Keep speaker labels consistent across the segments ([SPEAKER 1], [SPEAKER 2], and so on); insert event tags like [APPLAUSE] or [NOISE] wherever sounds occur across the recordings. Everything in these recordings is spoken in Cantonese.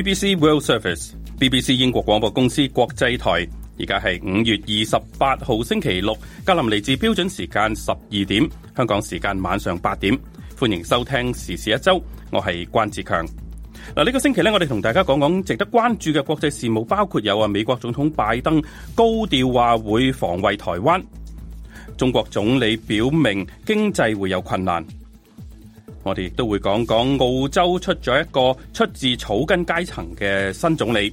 [SPEAKER 1] BBC World Service，BBC 英國廣播公司國際台，而家係五月二十八號星期六，格林尼治標準時間十二點，香港時間晚上八點，歡迎收聽時事一周，我係關智強。嗱，呢個星期咧，我哋同大家講講值得關注嘅國際事務，包括有啊，美國總統拜登高調話會防衛台灣，中國總理表明經濟會有困難。我哋亦都會講講澳洲出咗一個出自草根階層嘅新總理。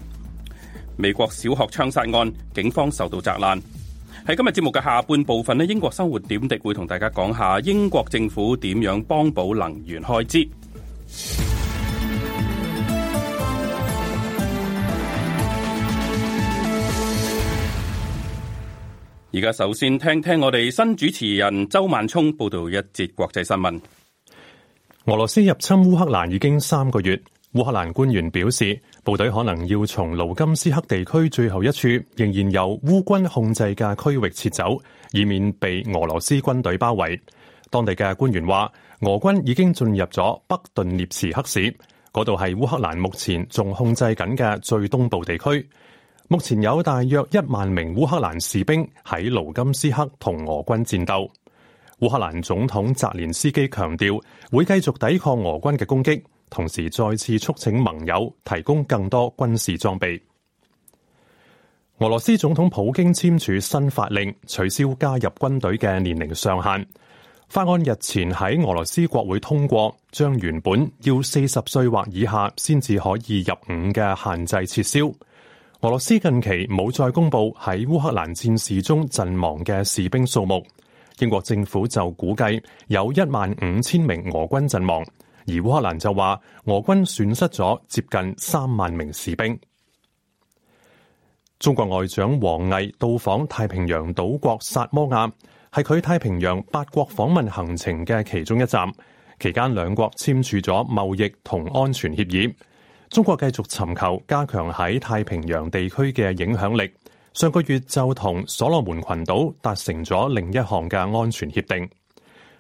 [SPEAKER 1] 美國小學槍殺案，警方受到責難。喺今日節目嘅下半部分呢，英國生活點滴會同大家講下英國政府點樣幫補能源開支。而家首先聽聽我哋新主持人周萬聰報道一節國際新聞。
[SPEAKER 2] 俄羅斯入侵烏克蘭已經三個月。烏克蘭官員表示，部隊可能要從盧金斯克地區最後一處仍然由烏軍控制嘅區域撤走，以免被俄羅斯軍隊包圍。當地嘅官員話，俄軍已經進入咗北頓涅茨克市，嗰度係烏克蘭目前仲控制緊嘅最東部地區。目前有大約一萬名烏克蘭士兵喺盧金斯克同俄軍戰鬥。烏克蘭總統澤連斯基強調，會繼續抵抗俄軍嘅攻擊，同時再次促請盟友提供更多軍事裝備。俄羅斯總統普京簽署新法令，取消加入軍隊嘅年齡上限。法案日前喺俄羅斯國會通過，將原本要四十歲或以下先至可以入伍嘅限制撤銷。俄羅斯近期冇再公布喺烏克蘭戰事中陣亡嘅士兵數目。英國政府就估計有一萬五千名俄軍陣亡，而烏克蘭就話俄軍損失咗接近三萬名士兵。中國外長王毅到訪太平洋島國薩摩亞，係佢太平洋八國訪問行程嘅其中一站。期間兩國簽署咗貿易同安全協議。中國繼續尋求加強喺太平洋地區嘅影響力。上個月就同所羅門群島達成咗另一項嘅安全協定。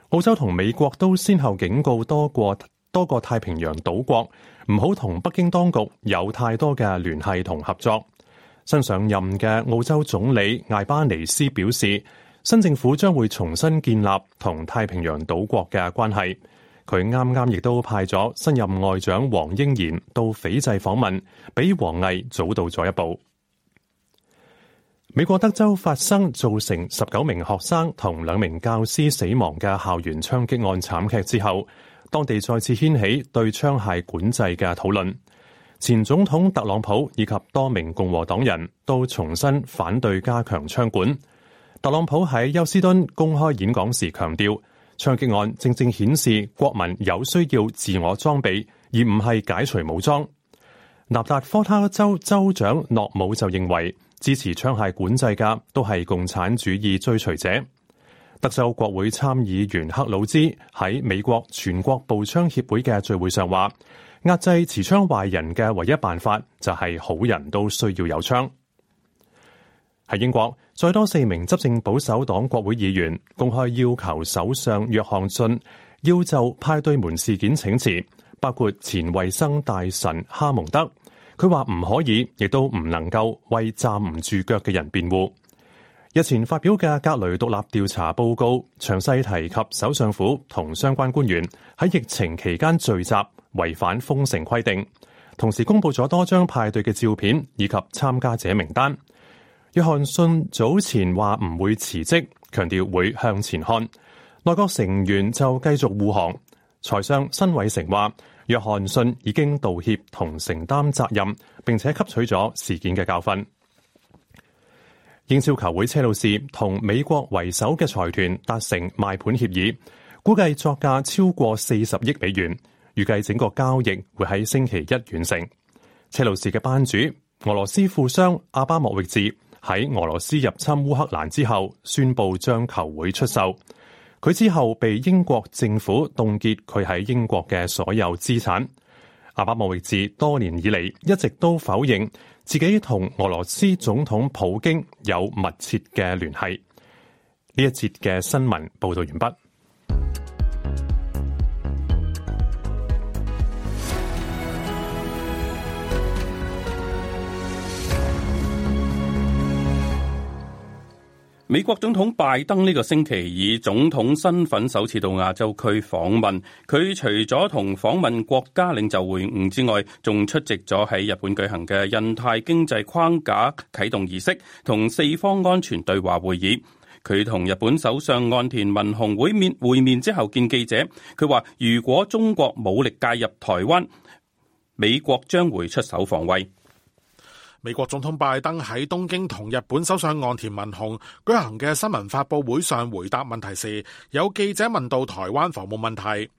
[SPEAKER 2] 澳洲同美國都先後警告多過多個太平洋島國，唔好同北京當局有太多嘅聯繫同合作。新上任嘅澳洲總理艾巴尼斯表示，新政府將會重新建立同太平洋島國嘅關係。佢啱啱亦都派咗新任外長黃英賢到斐濟訪問，比王毅早到咗一步。美國德州發生造成十九名學生同兩名教師死亡嘅校園槍擊案慘劇之後，當地再次掀起對槍械管制嘅討論。前總統特朗普以及多名共和黨人都重申反對加強槍管。特朗普喺休斯敦公開演講時強調，槍擊案正正顯示國民有需要自我裝備，而唔係解除武裝。南達科他州州，州長諾姆就認為。支持槍械管制嘅都係共產主義追隨者。德州國會參議員克魯茲喺美國全國步槍協會嘅聚會上話：壓制持槍壞人嘅唯一辦法就係好人都需要有槍。喺英國，再多四名執政保守黨國會議員公開要求首相約翰遜要就派對門事件請辭，包括前衛生大臣哈蒙德。佢話唔可以，亦都唔能夠為站唔住腳嘅人辯護。日前發表嘅格雷獨立調查報告，詳細提及首相府同相關官員喺疫情期間聚集，違反封城規定。同時公佈咗多張派對嘅照片以及參加者名單。約翰遜早前話唔會辭職，強調會向前看。內閣成員就繼續護航。財相辛偉誠話。約翰遜已經道歉同承擔責任，並且吸取咗事件嘅教訓。英超球會車路士同美國為首嘅財團達成賣盤協議，估計作價超過四十億美元，預計整個交易會喺星期一完成。車路士嘅班主俄羅斯富商阿巴莫域治喺俄羅斯入侵烏克蘭之後，宣佈將球會出售。佢之後被英國政府凍結佢喺英國嘅所有資產。阿巴莫維治多年以嚟一直都否認自己同俄羅斯總統普京有密切嘅聯繫。呢一節嘅新聞報導完畢。
[SPEAKER 1] 美國總統拜登呢個星期以總統身份首次到亞洲區訪問，佢除咗同訪問國家領袖會晤之外，仲出席咗喺日本舉行嘅印太經濟框架啟動儀式同四方安全對話會議。佢同日本首相岸田文雄會面會面之後見記者，佢話如果
[SPEAKER 3] 中國武力介入台灣，美國將會出手防衛。美國總統拜登喺東京同日本首相岸田文雄舉行嘅新聞發佈會上回答問題時，有記者問到台灣防務問題，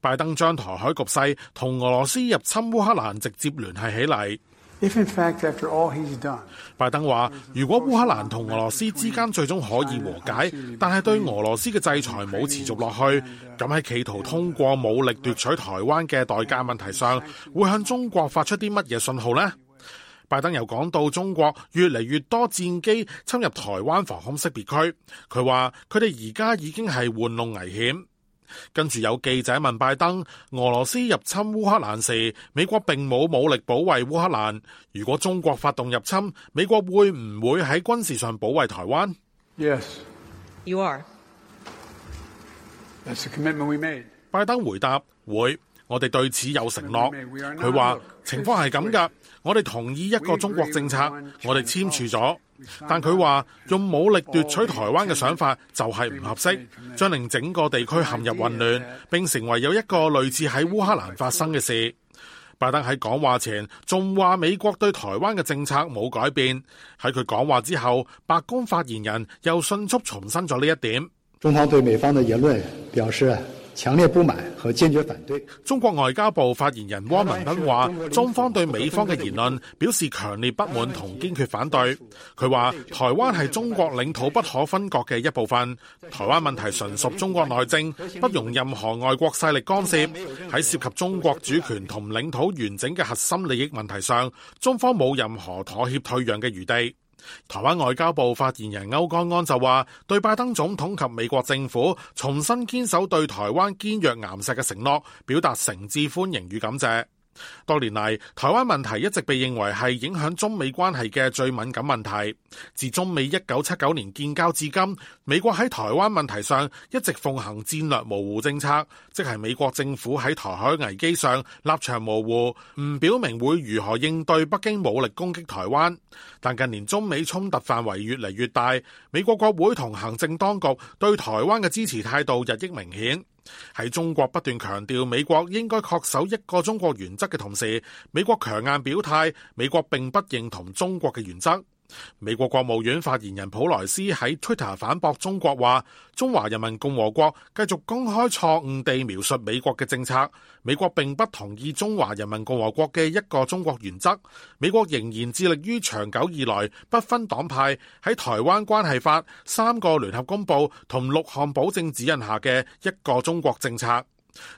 [SPEAKER 3] 拜登將台海局勢同俄羅斯入侵烏克蘭直接聯繫起嚟。If in fact, after all he's done, 拜登話：如果烏克蘭同俄羅斯之間最終可以和解，但係對俄羅斯嘅制裁冇持續落去，咁喺企圖通過武力奪取台灣嘅代價問題上，會向中國發出啲乜嘢信號呢？拜登又講到中國越嚟越多戰機侵入台灣防空識別區，佢話佢哋而家已經係玩弄危險。跟住有記者問拜登，俄羅斯入侵烏克蘭時，美國並冇武力保衛烏克蘭。如果中國發動入侵，美國會唔會喺軍事上保衛台灣？Yes, you are. That's the commitment we made. 拜登回答會，我哋對此有承諾。
[SPEAKER 2] 佢話、嗯、
[SPEAKER 3] 話情況係咁噶。我哋同意一個中國政策，我哋簽署咗，但佢話用武力奪取台灣嘅想法就係唔合適，將令整個地區陷入混亂，並成為有一個類似喺烏克蘭發生嘅事。拜登喺講話前仲話美國對台灣嘅政策冇改變，喺佢講話之後，白宮發言人又迅速重申咗呢一點。
[SPEAKER 4] 中方對美方的言論表示強烈不滿和堅決反
[SPEAKER 3] 對。中國外交部發言人汪文斌話，中方對美方嘅言論表示強烈不滿同堅決反對。佢話，台灣係中國領土不可分割嘅一部分，台灣問題純屬中國內政，不容任何外國勢力干涉。喺涉及中國主權同領土完整嘅核心利益問題上，中方冇任何妥協退讓嘅餘地。台灣外交部發言人歐江安就話，對拜登總統及美國政府重新堅守對台灣堅若岩石嘅承諾，表達誠摯歡迎與感謝。多年嚟，台灣問題一直被認為係影響中美關係嘅最敏感問題。自中美一九七九年建交至今，美國喺台灣問題上一直奉行戰略模糊政策，即係美國政府喺台海危機上立場模糊，唔表明會如何應對北京武力攻擊台灣。但近年中美衝突範圍越嚟越大，美國國會同行政當局對台灣嘅支持態度日益明顯。喺中國不斷強調美國應該恪守一個中國原則嘅同時，美國強硬表態，美國並不認同中國嘅原則。美國國務院發言人普萊斯喺 Twitter 反駁中國話：中華人民共和國繼續公開錯誤地描述美國嘅政策。美國並不同意中華人民共和國嘅一個中國原則。美國仍然致力於長久以來不分黨派喺台灣關係法、三個聯合公報同六項保證指引下嘅一個中國政策。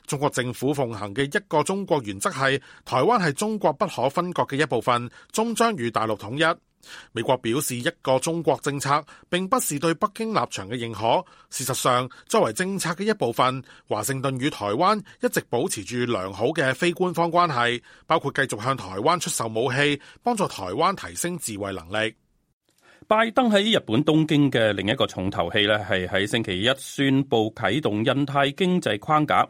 [SPEAKER 3] 中國政府奉行嘅一個中國原則係台灣係中國不可分割嘅一部分，終將與大陸統一。美國表示一個中國政策並不是對北京立場嘅認可。事實上，作為政策嘅一部分，華盛頓與台灣一直保持住良好嘅非官方關係，包括繼續向台灣出售武器，幫助台灣提升自衛能力。
[SPEAKER 1] 拜登喺日本東京嘅另一個重頭戲呢，係喺星期一宣布啟動印太經濟框架。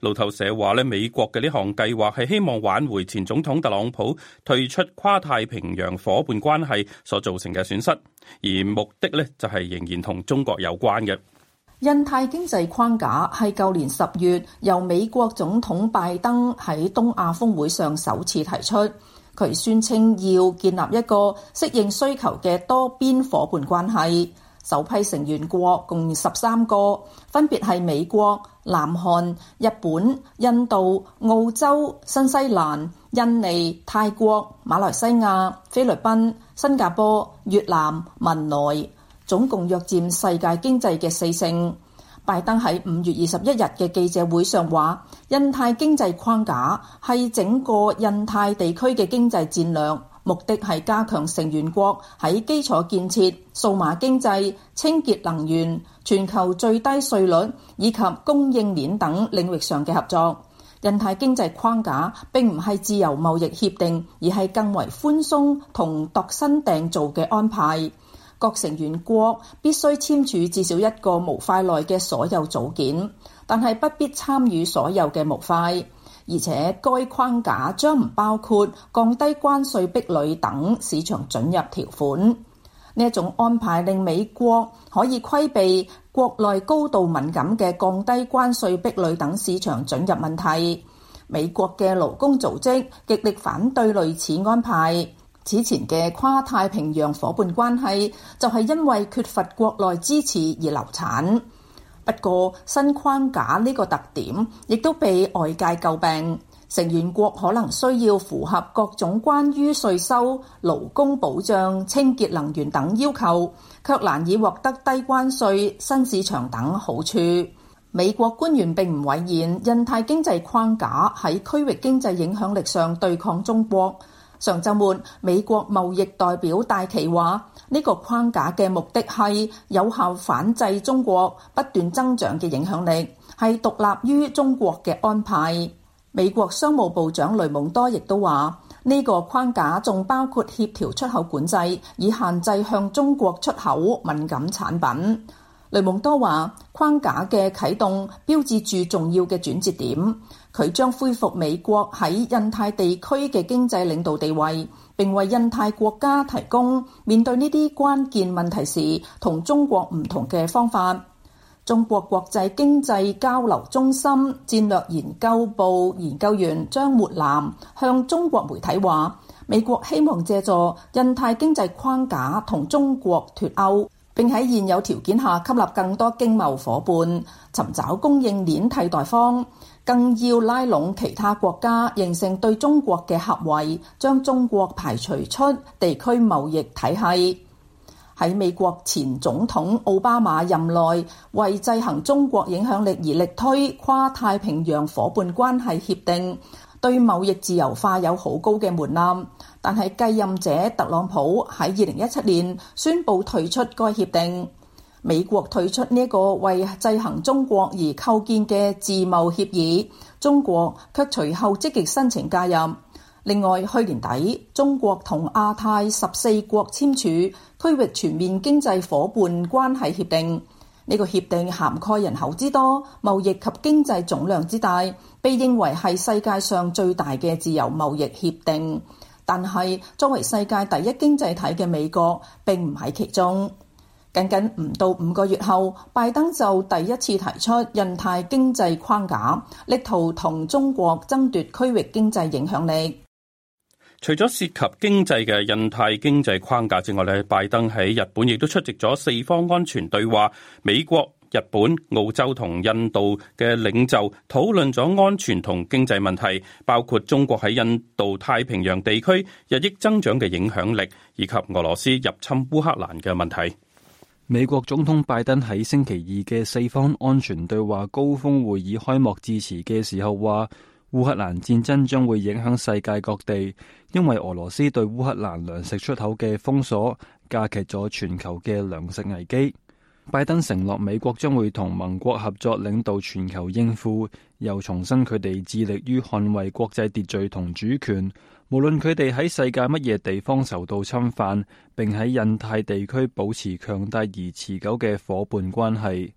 [SPEAKER 1] 路透社話咧，美國嘅呢項計劃係希望挽回前總統特朗普退出跨太平洋伙伴關係所造成嘅損失，而目的咧就係仍然同中國有關嘅。
[SPEAKER 5] 印太經濟框架係舊年十月由美國總統拜登喺東亞峰會上首次提出，佢宣稱要建立一個適應需求嘅多邊伙伴關係。首批成員國共十三個，分別係美國、南韓、日本、印度、澳洲、新西蘭、印尼、泰國、馬來西亞、菲律賓、新加坡、越南、文萊，總共約佔世界經濟嘅四成。拜登喺五月二十一日嘅記者會上話，印太經濟框架係整個印太地區嘅經濟戰略。目的係加強成員國喺基礎建設、數碼經濟、清潔能源、全球最低稅率以及供應鏈等領域上嘅合作。印太經濟框架並唔係自由貿易協定，而係更為寬鬆同度身訂造嘅安排。各成員國必須簽署至少一個模塊內嘅所有組件，但係不必參與所有嘅模塊。而且該框架將唔包括降低關稅壁壘等市場準入條款。呢一種安排令美國可以規避國內高度敏感嘅降低關稅壁壘等市場準入問題，美國嘅勞工組織極力反對類似安排。此前嘅跨太平洋夥伴關係就係因為缺乏國內支持而流產。不過，新框架呢個特點亦都被外界詬病，成員國可能需要符合各種關於稅收、勞工保障、清潔能源等要求，卻難以獲得低關稅、新市場等好處。美國官員並唔諱言，印太經濟框架喺區域經濟影響力上對抗中國。上周末，美國貿易代表戴琪話，呢、這個框架嘅目的係有效反制中國不斷增長嘅影響力，係獨立於中國嘅安排。美國商務部長雷蒙多亦都話，呢、這個框架仲包括協調出口管制，以限制向中國出口敏感產品。雷蒙多話，框架嘅啟動標誌住重要嘅轉折點。佢將恢復美國喺印太地區嘅經濟領導地位，並為印太國家提供面對呢啲關鍵問題時同中國唔同嘅方法。中國國際經濟交流中心戰略研究部研究員張末南向中國媒體話：美國希望借助印太經濟框架同中國脱歐，並喺現有條件下吸納更多經貿伙伴，尋找供應鏈替代方。更要拉攏其他國家，形成對中國嘅合圍，將中國排除出地區貿易體系。喺美國前總統奧巴馬任內，為制衡中國影響力而力推跨太平洋夥伴關係協定，對貿易自由化有好高嘅門檻。但係繼任者特朗普喺二零一七年宣布退出該協定。美國退出呢個為制衡中國而構建嘅自貿協議，中國卻隨後積極申請加入。另外，去年底中國同亞太十四國簽署區域全面經濟夥伴關係協定，呢、這個協定涵蓋人口之多、貿易及經濟總量之大，被認為係世界上最大嘅自由貿易協定。但係作為世界第一經濟體嘅美國，並唔喺其中。僅僅唔到五個月後，拜登就第一次提出印太經濟框架，力圖同中國爭奪區域經濟影響力。
[SPEAKER 1] 除咗涉及經濟嘅印太經濟框架之外呢，拜登喺日本亦都出席咗四方安全對話，美國、日本、澳洲同印度嘅領袖討論咗安全同經濟問題，包括中國喺印度太平洋地區日益增長嘅影響
[SPEAKER 6] 力，以及俄羅斯入侵烏克蘭嘅問題。美國總統拜登喺星期二嘅四方安全對話高峰會議開幕致辭嘅時候話，烏克蘭戰爭將會影響世界各地，因為俄羅斯對烏克蘭糧食出口嘅封鎖加劇咗全球嘅糧食危機。拜登承諾美國將會同盟國合作，領導全球應付，又重申佢哋致力於捍衛國際秩序同主權。無論佢哋喺世界乜嘢地方受到侵犯，並喺印太地區保持強大而持久嘅伙伴關係。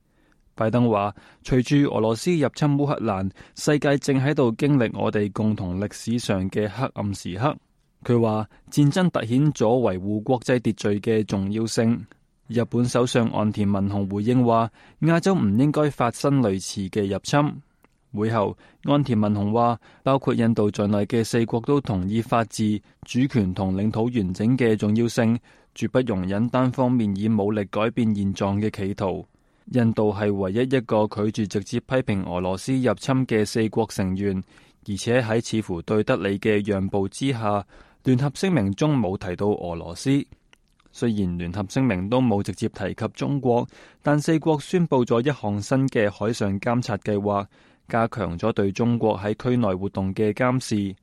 [SPEAKER 6] 拜登話，隨住俄羅斯入侵烏克蘭，世界正喺度經歷我哋共同歷史上嘅黑暗時刻。佢話，戰爭凸顯咗維護國際秩序嘅重要性。日本首相岸田文雄回應話，亞洲唔應該發生類似嘅入侵。會後，安田文雄話，包括印度在內嘅四國都同意法治、主權同領土完整嘅重要性，絕不容忍單方面以武力改變現狀嘅企圖。印度係唯一一個拒絕直接批評俄羅斯入侵嘅四國成員，而且喺似乎對德里嘅讓步之下，聯合聲明中冇提到俄羅斯。雖然聯合聲明都冇直接提及中國，但四國宣佈咗一項新嘅海上監察計劃。加強咗對中國喺區內活動嘅監視。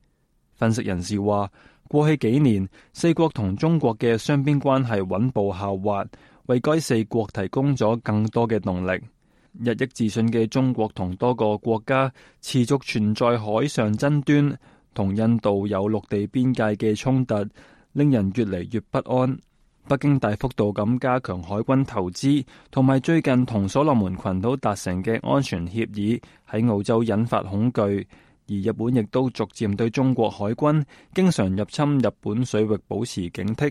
[SPEAKER 6] 分析人士話，過去幾年，四國同中國嘅雙邊關係穩步下滑，為該四國提供咗更多嘅動力。日益自信嘅中國同多個國家持續存在海上爭端，同印度有陸地邊界嘅衝突，令人越嚟越不安。北京大幅度咁加強海軍投資，同埋最近同所羅門群島達成嘅安全協議喺澳洲引發恐懼，而日本亦都逐漸對中國海軍經常入侵日本水域保持警惕。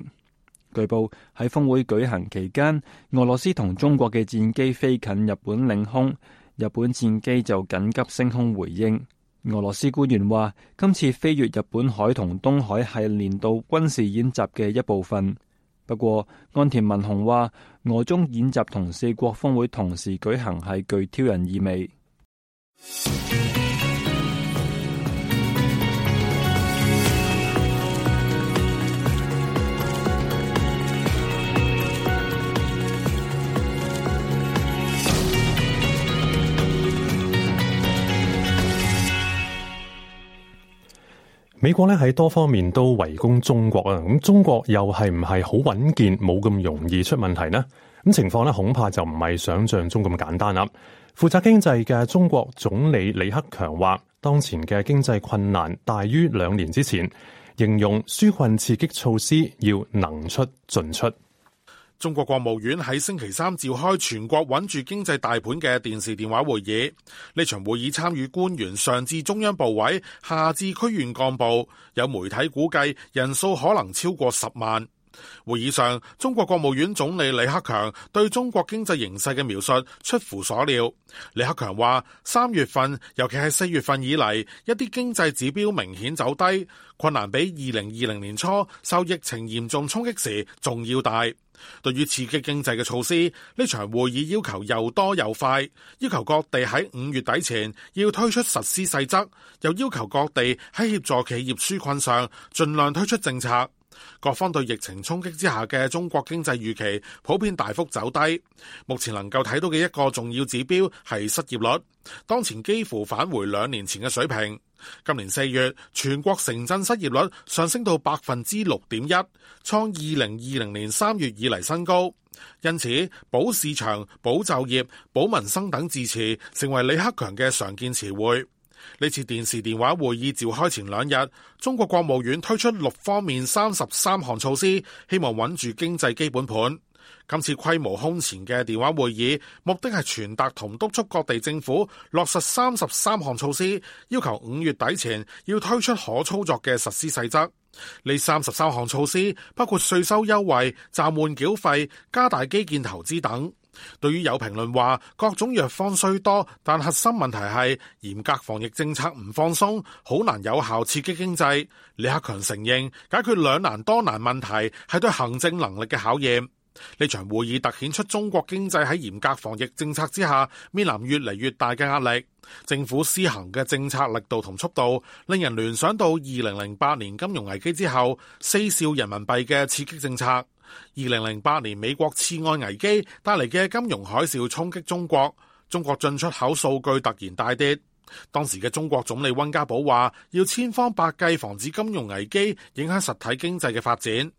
[SPEAKER 6] 據報喺峰會舉行期間，俄羅斯同中國嘅戰機飛近日本領空，日本戰機就緊急升空回應。俄羅斯官員話，今次飛越日本海同東海係年度軍事演習嘅一部分。不過，岸田文雄話，俄中演習同四國峰會同時舉行係具挑釁意味。
[SPEAKER 2] 美國咧喺多方面都圍攻中國啊！咁中國又係唔係好穩健，冇咁容易出問題呢？咁情況咧恐怕就唔係想象中咁簡單啦。負責經濟嘅中國總理李克強話，當前嘅經濟困難大於兩年之前，形容紓困刺激措施要能出盡出。
[SPEAKER 3] 中國國務院喺星期三召開全國穩住經濟大盤嘅電視電話會議，呢場會議參與官員上至中央部委，下至區縣幹部，有媒體估計人數可能超過十萬。會議上，中國國務院總理李克強對中國經濟形勢嘅描述出乎所料。李克強話：三月份，尤其係四月份以嚟，一啲經濟指標明顯走低，困難比二零二零年初受疫情嚴重衝擊時仲要大。對於刺激經濟嘅措施，呢場會議要求又多又快，要求各地喺五月底前要推出實施細則，又要求各地喺協助企業紓困上盡量推出政策。各方對疫情衝擊之下嘅中國經濟預期普遍大幅走低。目前能夠睇到嘅一個重要指標係失業率，當前幾乎返回兩年前嘅水平。今年四月，全國城鎮失業率上升到百分之六點一，創二零二零年三月以嚟新高。因此，保市場、保就業、保民生等字詞成為李克強嘅常見詞彙。呢次電視電話會議召開前兩日，中國國務院推出六方面三十三項措施，希望穩住經濟基本盤。今次規模空前嘅電話會議，目的係傳達同督促各地政府落實三十三項措施，要求五月底前要推出可操作嘅實施細則。呢三十三項措施包括稅收優惠、暫緩繳費、加大基建投資等。對於有評論話，各種藥方雖多，但核心問題係嚴格防疫政策唔放鬆，好難有效刺激經濟。李克強承認，解決兩難多難問題係對行政能力嘅考驗。呢場會議突顯出中國經濟喺嚴格防疫政策之下，面臨越嚟越大嘅壓力。政府施行嘅政策力度同速度，令人聯想到二零零八年金融危機之後，四兆人民幣嘅刺激政策。二零零八年美國次按危機帶嚟嘅金融海嘯衝擊中國，中國進出口數據突然大跌。當時嘅中國總理温家寶話要千方百計防止金融危機影響實體經濟嘅發展。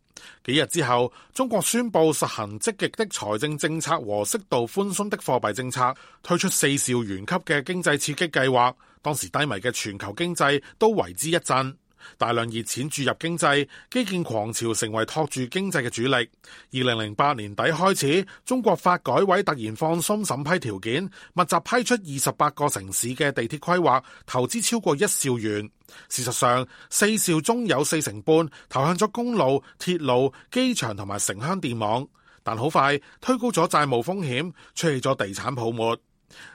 [SPEAKER 3] 幾日之後，中國宣布實行積極的財政政策和適度寬鬆的貨幣政策，推出四兆元級嘅經濟刺激計劃。當時低迷嘅全球經濟都為之一振。大量熱錢注入經濟，基建狂潮成為托住經濟嘅主力。二零零八年底開始，中國發改委突然放鬆審批條件，密集批出二十八個城市嘅地鐵規劃，投資超過一兆元。事實上，四兆中有四成半投向咗公路、鐵路、機場同埋城鄉電網，但好快推高咗債務風險，吹起咗地產泡沫。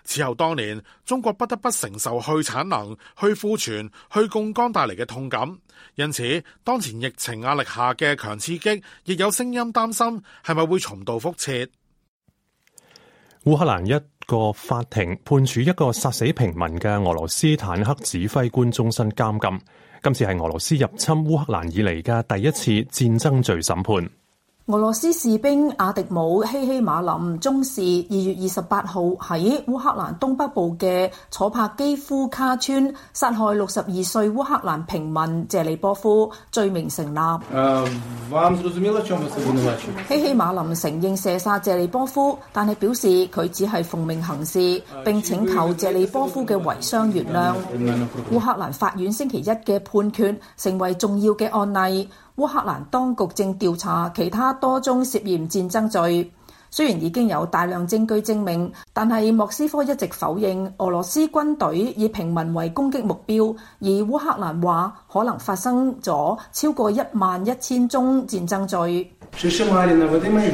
[SPEAKER 3] 此後多年，中國不得不承受去產能、去庫存、去槓桿帶嚟嘅痛感，因此當前疫情壓力下嘅強刺激，亦有聲音擔心係咪會重蹈覆轍。
[SPEAKER 2] 烏克蘭一個法庭判處一個殺死平民嘅俄羅斯坦克指揮官終身監禁，今次係俄羅斯入侵烏克蘭以嚟嘅第一次戰爭罪審判。
[SPEAKER 5] 俄羅斯士兵阿迪姆·希希馬林中士二月二十八號喺烏克蘭東北部嘅楚帕基夫卡村殺害六十二歲烏克蘭平民謝利波夫，罪名成立。呃、希希馬林承認射殺謝利波夫，但係表示佢只係奉命行事，並請求謝利波夫嘅遺孀原諒。烏、呃、克蘭法院星期一嘅判決成為重要嘅案例。烏克蘭當局正調查其他多宗涉嫌戰爭罪，雖然已經有大量證據證明。但係莫斯科一直否認俄羅斯軍隊以平民為攻擊目標，而烏克蘭話可能發生咗超過一萬一千宗戰爭罪。
[SPEAKER 2] 法官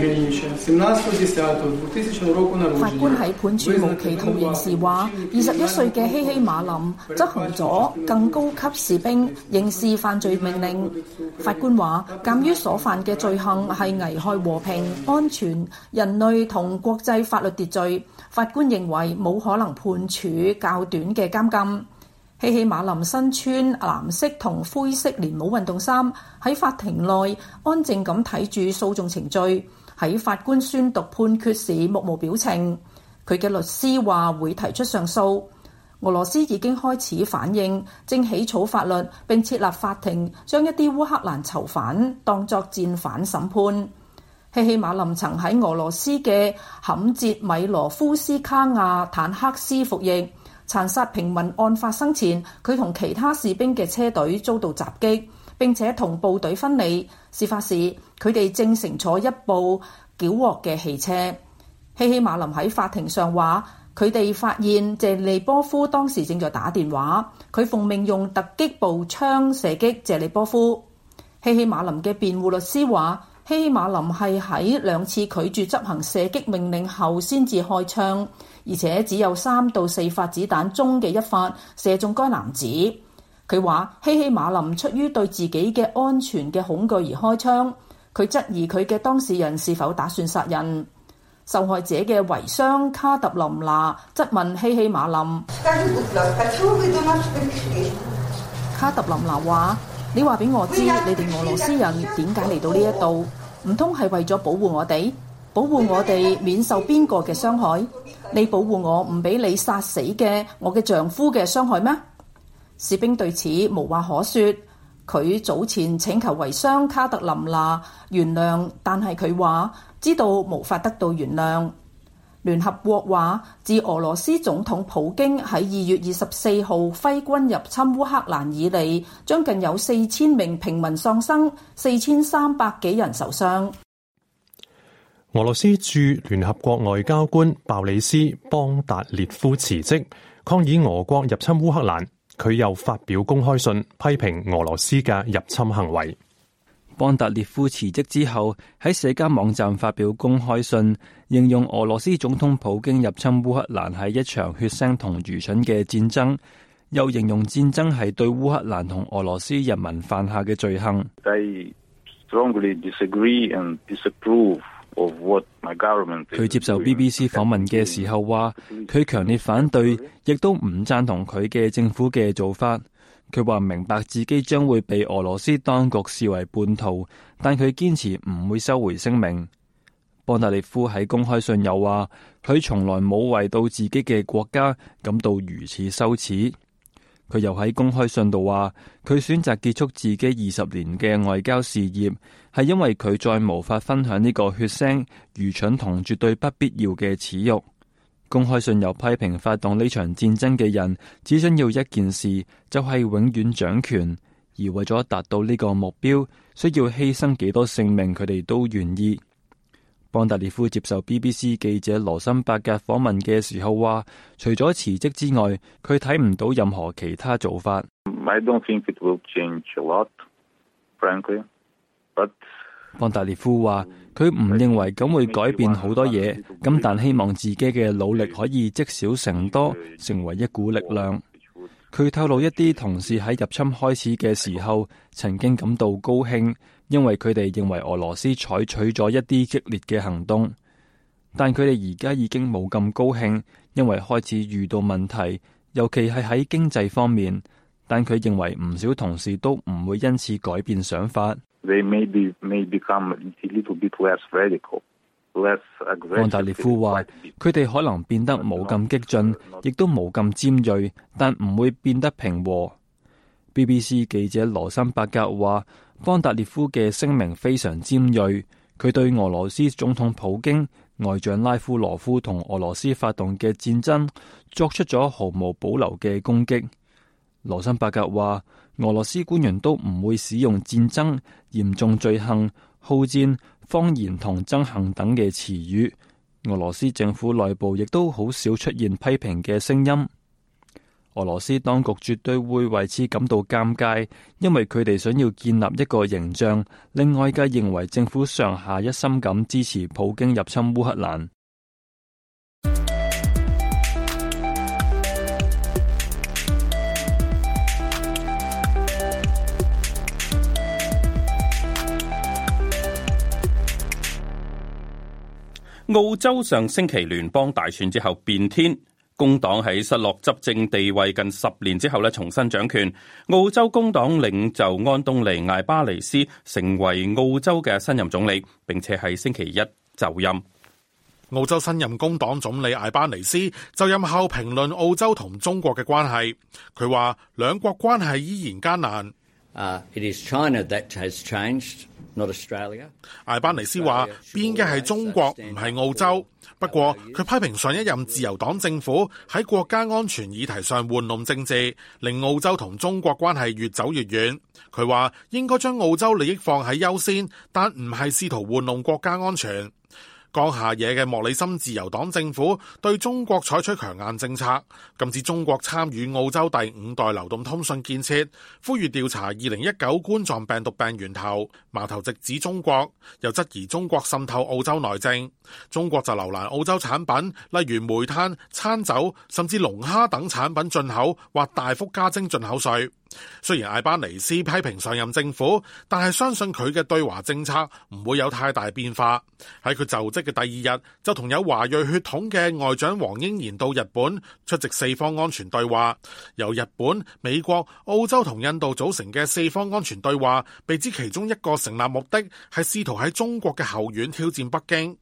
[SPEAKER 2] 喺
[SPEAKER 5] 判處無期徒刑時
[SPEAKER 2] 話：二十一
[SPEAKER 5] 歲嘅希希馬林執行咗更高級士兵刑事犯罪命令。法官話：鑒於所犯嘅罪行係危害和平、安全、人類同國際法律秩序。法官認為冇可能判處較短嘅監禁。希希馬林身穿藍色同灰色連帽運動衫，喺法庭內安靜咁睇住訴訟程序。喺法官宣讀判決時，目無表情。佢嘅律師話會提出上訴。俄羅斯已經開始反應，正起草法律並設立法庭，將一啲烏克蘭囚犯當作戰犯審判。希希馬林曾喺俄羅斯嘅坎捷米羅夫斯卡亞坦克師服役。殘殺平民案發生前，佢同其他士兵嘅車隊遭到襲擊，並且同部隊分離。事發時，佢哋正乘坐一部繳獲嘅汽車。希希馬林喺法庭上話，佢哋發現謝利波夫當時正在打電話，佢奉命用突擊步槍射擊謝利波夫。希希馬林嘅辯護律師話，希馬林係喺兩次拒絕執行射擊命令後先至開槍，而且只有三到四發子彈中嘅一發射中該男子。佢話希希馬林出於對自己嘅安全嘅恐懼而開槍。佢質疑佢嘅當事人是否打算殺人。受害者嘅遺孀卡特琳娜質問希希馬林。卡特琳娜話：你話俾我知，你哋俄羅斯人點解嚟到呢一度？唔通係為咗保護我哋，保護我哋免受邊個嘅傷害？你保護我唔俾你殺死嘅我嘅丈夫嘅傷害咩？士兵對此無話可說。佢早前請求遺孀卡特琳娜原諒，但係佢話知道無法得到原諒。聯合國話，自俄羅斯總統普京喺二月二十四號揮軍入侵烏克蘭以嚟，將近有四千名平民喪生，四千三百幾人受傷。
[SPEAKER 2] 俄羅斯駐聯合國外交官鮑里斯·邦達列夫辭職，抗議俄國入侵烏克蘭。佢又發表公開信，批評俄羅斯嘅入侵行為。邦達列夫辭職之
[SPEAKER 6] 後，喺社交網站發表公開信，形容俄羅斯總統普京入侵烏克蘭係一場血腥同愚蠢嘅戰爭，又形容戰爭係對烏克蘭同俄羅斯人民犯下嘅罪行。I strongly disagree and disapprove of what my government is doing. 佢接受 BBC 訪問嘅時候話，佢強烈反對，亦都唔贊同佢嘅政府嘅做法。佢話明白自己將會被俄羅斯當局視為叛徒，但佢堅持唔會收回聲明。邦達列夫喺公開信又話，佢從來冇為到自己嘅國家感到如此羞恥。佢又喺公開信度話，佢選擇結束自己二十年嘅外交事業，係因為佢再無法分享呢個血腥、愚蠢同絕對不必要嘅恥辱。公開信由批評發動呢場戰爭嘅人，只想要一件事，就係永遠掌權，而為咗達到呢個目標，需要犧牲幾多性命，佢哋都願意。邦達列夫接受 BBC 記者羅森伯格訪問嘅時候話，除咗辭職之外，佢睇唔到任何其他做法。
[SPEAKER 5] I don't think it will change a lot, frankly,
[SPEAKER 6] but 邦達列夫話。佢唔認為咁會改變好多嘢，咁但希望自己嘅努力可以積少成多，成為一股力量。佢透露一啲同事喺入侵開始嘅時候，曾經感到高興，因為佢哋認為俄羅斯採取咗一啲激烈嘅行動。但佢哋而家已經冇咁高興，因為開始遇到問題，尤其係喺經濟方面。但佢認為唔少同事都唔會因此改變想法。他們 maybe may become a
[SPEAKER 2] little bit less radical, less aggressive. 方達列夫
[SPEAKER 6] 話：佢哋可能變得冇咁激進，亦都冇咁尖銳，但唔會變得平和。B B C 記者羅森伯格話：方達列夫嘅聲明非常尖銳，佢對俄羅斯總統普京、外長拉夫羅夫同俄羅斯發動嘅戰爭作出咗毫無保留嘅攻擊。羅森伯格話。俄羅斯官員都唔會使用戰爭、嚴重罪行、好戰、謊言同憎恨等嘅詞語。俄羅斯政府內部亦都好少出現批評嘅聲音。俄羅斯當局絕對會為此感到尷尬，因為佢哋想要建立一個形象，令外界認為政府上下一心咁支持普京入侵烏克蘭。
[SPEAKER 1] 澳洲上星期聯邦大選之後變天，工黨喺失落執政地位近十年之後呢，重新掌權。澳洲工黨領袖安東尼艾巴尼斯成為澳洲嘅新任總理，並且喺星期一就任。
[SPEAKER 3] 澳洲新任工黨總理艾巴尼斯就任後評論澳洲同中國嘅關係，佢話兩國關係依然艱難。Uh, it is China that has changed。艾班尼斯話，邊嘅係中國唔係澳洲。不過佢批評上一任自由黨政府喺國家安全議題上玩弄政治，令澳洲同中國關係越走越遠。佢話應該將澳洲利益放喺優先，但唔係試圖玩弄國家安全。江夏野嘅莫里森自由黨政府對中國採取強硬政策，禁止中國參與澳洲第五代流動通訊建設，呼籲調查二零一九冠狀病毒病源頭，矛頭直指中國，又質疑中國滲透澳洲內政。中國就留難澳洲產品，例如煤炭、餐酒，甚至龍蝦等產品進口或大幅加徵進口稅。雖然艾巴尼斯批評上任政府，但係相信佢嘅對華政策唔會有太大變化。喺佢就職嘅第二日，就同有華裔血統嘅外長黃英賢到日本出席四方安全對話，由日本、美國、澳洲同印度組成嘅四方安全對話，被指其中一個成立目的係試圖喺中國嘅後院挑戰北京。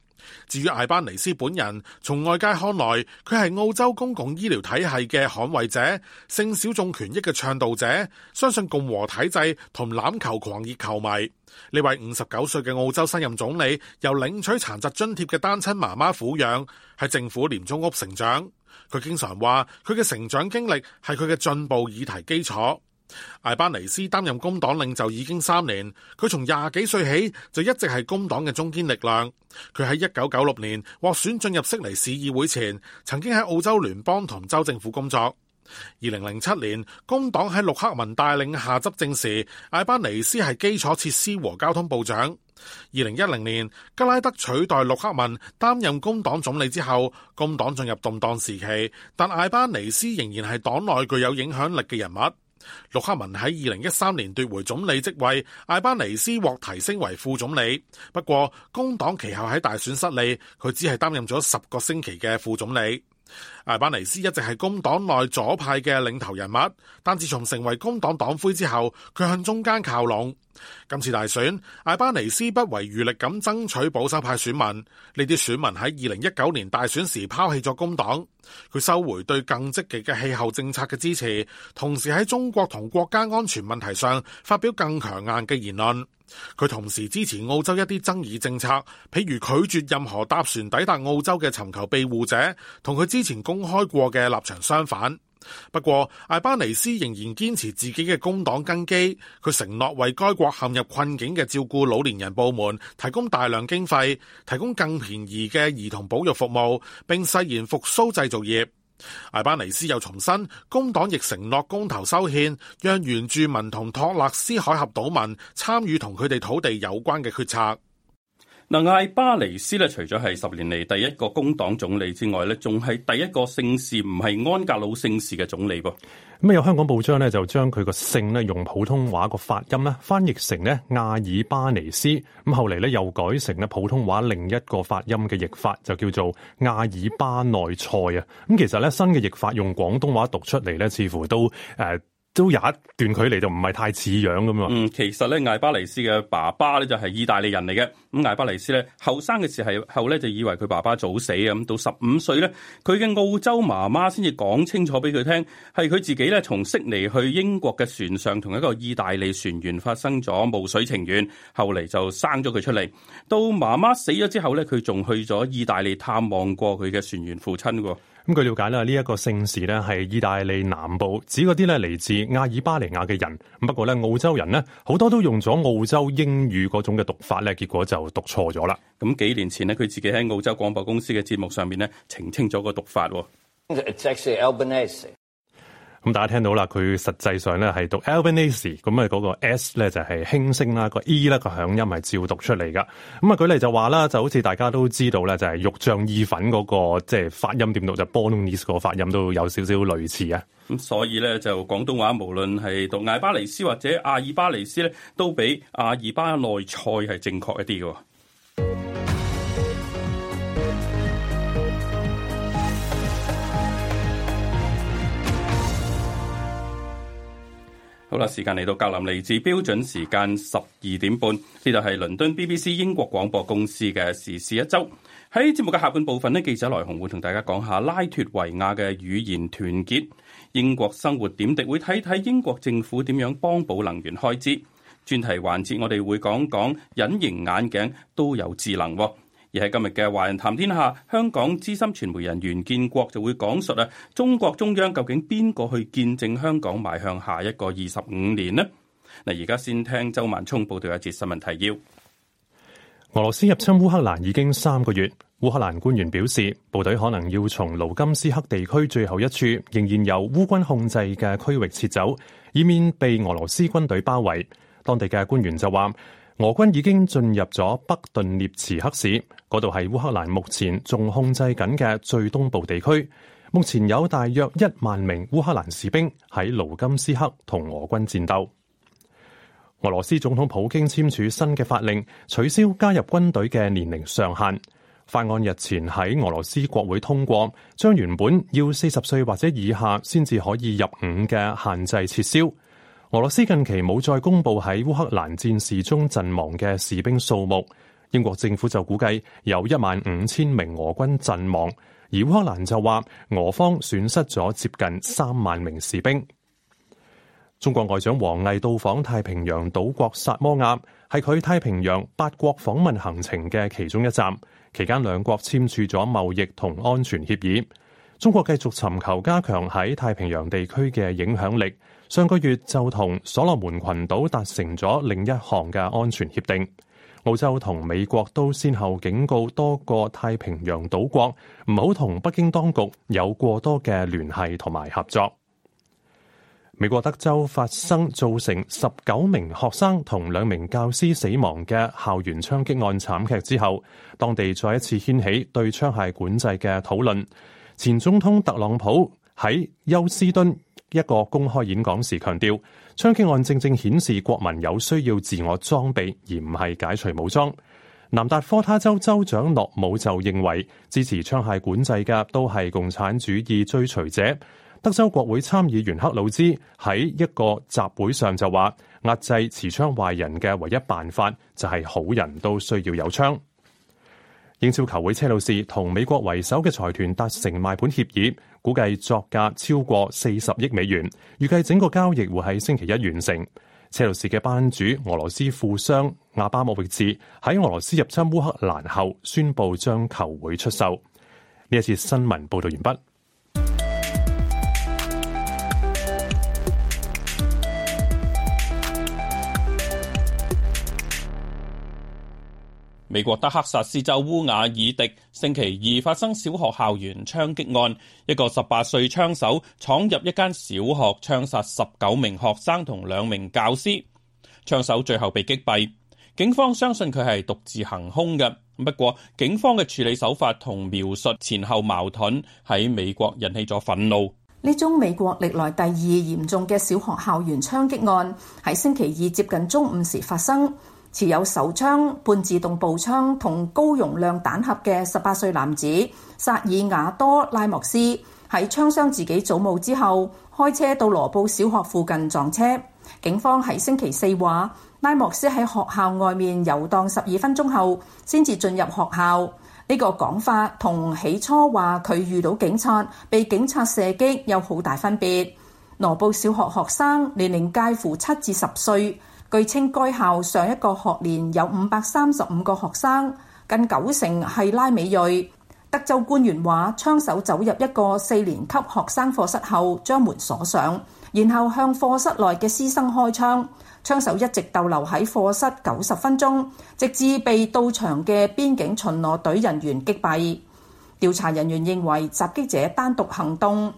[SPEAKER 3] 至於艾班尼斯本人，從外界看來，佢係澳洲公共醫療體系嘅捍衛者，性小眾權益嘅倡導者，相信共和體制同欖球狂熱球迷。呢位五十九歲嘅澳洲新任總理，由領取殘疾津貼嘅單親媽媽撫養，喺政府廉租屋成長。佢經常話，佢嘅成長經歷係佢嘅進步議題基礎。艾巴尼斯擔任工黨領袖已經三年。佢從廿幾歲起就一直係工黨嘅中堅力量。佢喺一九九六年獲選進入悉尼市議會前，曾經喺澳洲聯邦同州政府工作。二零零七年，工黨喺陸克文帶領下執政時，艾巴尼斯係基礎設施和交通部長。二零一零年，格拉德取代陸克文擔任工黨總理之後，工黨進入動盪時期，但艾巴尼斯仍然係黨內具有影響力嘅人物。盧陸克文喺二零一三年奪回總理職位，艾班尼斯獲提升為副總理。不過，工黨其後喺大選失利，佢只係擔任咗十個星期嘅副總理。艾巴尼斯一直係工黨內左派嘅領頭人物，但自從成為工黨黨魁之後，佢向中間靠攏。今次大選，艾巴尼斯不遺餘力咁爭取保守派選民，呢啲選民喺二零一九年大選時拋棄咗工黨。佢收回對更積極嘅氣候政策嘅支持，同時喺中國同國家安全問題上發表更強硬嘅言論。佢同時支持澳洲一啲爭議政策，譬如拒絕任何搭船抵達澳洲嘅尋求庇護者，同佢之前公。公開過嘅立場相反，不過艾巴尼斯仍然堅持自己嘅工黨根基。佢承諾為該國陷入困境嘅照顧老年人部門提供大量經費，提供更便宜嘅兒童保育服務，並誓言復甦製造業。艾巴尼斯又重申，工黨亦承諾公投修憲，讓原住民同托勒斯海峽島民參與同佢哋土地有關嘅決策。嗱，艾巴尼斯咧，除咗係十年嚟第一個工黨總理之外咧，仲係第一
[SPEAKER 1] 個姓氏唔係安格魯姓氏嘅總理噃。
[SPEAKER 2] 咁啊，有香港報章咧，就將佢個姓咧用普通話個發音咧翻譯成咧阿爾巴尼斯，咁後嚟咧又改成咧普通話另一個發音嘅譯法，就叫做阿爾巴內塞啊。咁其實咧新嘅譯法用廣東話讀出嚟咧，似乎都誒。呃都有一段距離就唔係太似樣㗎嘛！嗯，
[SPEAKER 1] 其實咧，艾巴尼斯嘅爸爸咧就係意大利人嚟嘅。咁艾巴尼斯咧後生嘅時候，後咧就以為佢爸爸早死啊！咁到十五歲咧，佢嘅澳洲媽媽先至講清楚俾佢聽，係佢自己咧從悉尼去英國嘅船上同一個意大利船員發生咗霧水情緣，後嚟就生咗佢出嚟。到媽媽死咗之後咧，佢仲去咗意大利探望過佢嘅船員父親喎。咁據
[SPEAKER 2] 了解咧，呢、這、一個姓氏咧係意大利南部指嗰啲咧嚟自亞爾巴尼亞嘅人。不過咧，澳洲人咧好多都用咗澳洲英語嗰種嘅讀法咧，結果就讀
[SPEAKER 1] 錯咗啦。咁幾年前咧，佢自己喺澳洲廣播公司嘅節目上面咧澄清咗個讀法。
[SPEAKER 2] 咁大家聽到啦，佢實際上咧係讀 Albanese，咁啊嗰個 S 咧就係輕聲啦，個 E 咧個響音係照讀出嚟噶。咁啊舉例就話啦，就好似大家都知道咧，就係、是、肉醬意粉嗰個即係發音點、那、讀、個、就是、Bolognese 嘅發音都有少少類似啊。咁
[SPEAKER 1] 所以咧就廣東話無論係讀艾巴尼斯或者阿爾巴尼斯咧，都比阿爾巴內塞係正確一啲嘅。好啦，時間嚟到格林尼治標準時間十二點半，呢度係倫敦 BBC 英國廣播公司嘅時事一周。喺節目嘅下半部分呢，記者來紅會同大家講下拉脫維亞嘅語言團結，英國生活點滴，會睇睇英國政府點樣幫補能源開支。專題環節我哋會講講隱形眼鏡都有智能喎。而喺今日嘅《華人談天下》，香港資深傳媒人袁建國就會講述啊，中國中央究竟邊個去見證香港邁向下一個二十五年呢？嗱，而家先聽周萬聰報道一節新聞提要。
[SPEAKER 2] 俄羅斯入侵烏克蘭已經三個月，烏克蘭官員表示，部隊可能要從盧金斯克地區最後一處仍然由烏軍控制嘅區域撤走，以免被俄羅斯軍隊包圍。當地嘅官員就話，俄軍已經進入咗北頓涅茨克市，嗰度係烏克蘭目前仲控制緊嘅最東部地區。目前有大約一萬名烏克蘭士兵喺盧甘斯克同俄軍戰鬥。俄羅斯總統普京簽署新嘅法令，取消加入軍隊嘅年齡上限。法案日前喺俄羅斯國會通過，將原本要四十歲或者以下先至可以入伍嘅限制撤銷。俄羅斯近期冇再公布喺烏克蘭戰事中陣亡嘅士兵數目，英國政府就估計有一萬五千名俄軍陣亡，而烏克蘭就話俄方損失咗接近三萬名士兵。中國外長王毅到訪太平洋島國薩摩亞，係佢太平洋八國訪問行程嘅其中一站，期間兩國簽署咗貿易同安全協議。中國繼續尋求加強喺太平洋地區嘅影響力。上個月就同所羅門群島達成咗另一項嘅安全協定。澳洲同美國都先後警告多個太平洋島國唔好同北京當局有過多嘅聯繫同埋合作。美國德州發生造成十九名學生同兩名教師死亡嘅校園槍擊案慘劇之後，當地再一次掀起對槍械管制嘅討論。前總統特朗普喺休斯敦一個公開演講時強調，槍擊案正正顯示國民有需要自我裝備，而唔係解除武裝。南達科他州州長諾姆就認為支持槍械管制嘅都係共產主義追隨者。德州國會參議員克魯茲喺一個集會上就話，壓制持槍壞人嘅唯一辦法就係好人都需要有槍。英超球會車路士同美國為首嘅財團達成賣盤協議，估計作價超過四十億美元，預計整個交易會喺星期一完成。車路士嘅班主俄羅斯富商亞巴莫域治喺俄羅斯入侵烏克蘭後，宣布將球會出售。呢一次新聞報道完畢。
[SPEAKER 1] 美國德克薩斯州烏瓦爾迪星期二發生小學校園槍擊案，一個十八歲槍手闖入一間小學，槍殺十九名學生同兩名教師，槍手最後被擊斃。警方相信佢係獨自行凶嘅，不過警方嘅處理手法同描述前後矛盾，喺美國引起咗憤怒。
[SPEAKER 5] 呢宗美國歷來第二嚴重嘅小學校園槍擊案，喺星期二接近中午時發生。持有手槍、半自動步槍同高容量彈匣嘅十八歲男子薩爾瓦多拉莫斯喺槍傷自己祖母之後，開車到羅布小學附近撞車。警方喺星期四話，拉莫斯喺學校外面遊蕩十二分鐘後，先至進入學校。呢個講法同起初話佢遇到警察被警察射擊有好大分別。羅布小學學生年齡介乎七至十歲。據稱，該校上一個學年有五百三十五個學生，近九成係拉美裔。德州官員話，槍手走入一個四年級學生課室後，將門鎖上，然後向課室內嘅師生開槍。槍手一直逗留喺課室九十分鐘，直至被到場嘅邊境巡邏隊人員擊斃。調查人員認為襲擊者單獨行動。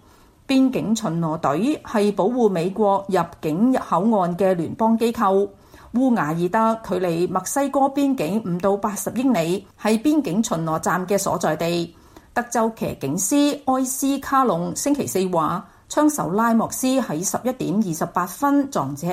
[SPEAKER 5] 邊境巡邏隊係保護美國入境入口岸嘅聯邦機構。烏瓦爾德距離墨西哥邊境唔到八十英里，係邊境巡邏站嘅所在地。德州騎警司埃斯卡隆星期四話，槍手拉莫斯喺十一點二十八分撞車，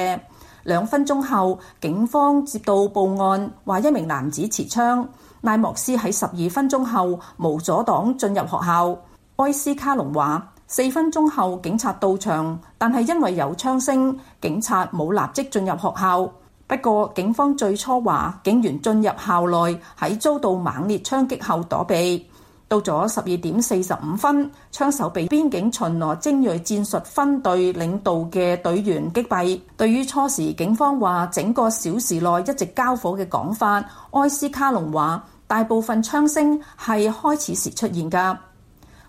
[SPEAKER 5] 兩分鐘後警方接到報案，話一名男子持槍。拉莫斯喺十二分鐘後無阻擋進入學校。埃斯卡隆話：四分鐘後，警察到場，但係因為有槍聲，警察冇立即進入學校。不過，警方最初話警員進入校內喺遭到猛烈槍擊後躲避。到咗十二點四十五分，槍手被邊境巡邏精鋭戰術分隊領導嘅隊員擊斃。對於初時警方話整個小時內一直交火嘅講法，埃斯卡隆話大部分槍聲係開始時出現㗎。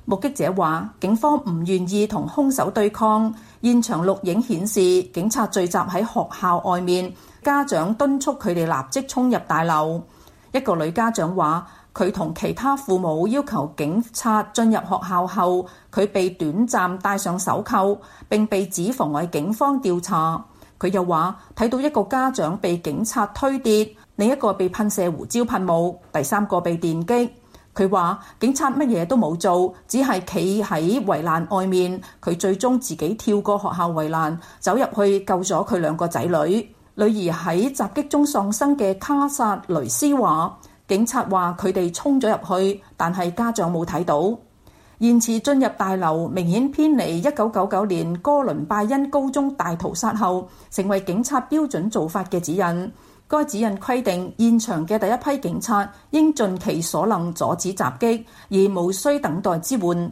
[SPEAKER 5] 目擊者話：警方唔願意同兇手對抗。現場錄影顯示，警察聚集喺學校外面，家長敦促佢哋立即衝入大樓。一個女家長話：佢同其他父母要求警察進入學校後，佢被短暫戴上手銬，並被指妨礙警方調查。佢又話：睇到一個家長被警察推跌，另一個被噴射胡椒噴霧，第三個被電擊。佢話：警察乜嘢都冇做，只係企喺圍欄外面。佢最終自己跳過學校圍欄，走入去救咗佢兩個仔女。女兒喺襲擊中喪生嘅卡薩雷斯話：警察話佢哋衝咗入去，但係家長冇睇到。延遲進入大樓明顯偏離一九九九年哥倫拜恩高中大屠殺後成為警察標準做法嘅指引。該指引規定，現場嘅第一批警察應盡其所能阻止襲擊，而無需等待支援。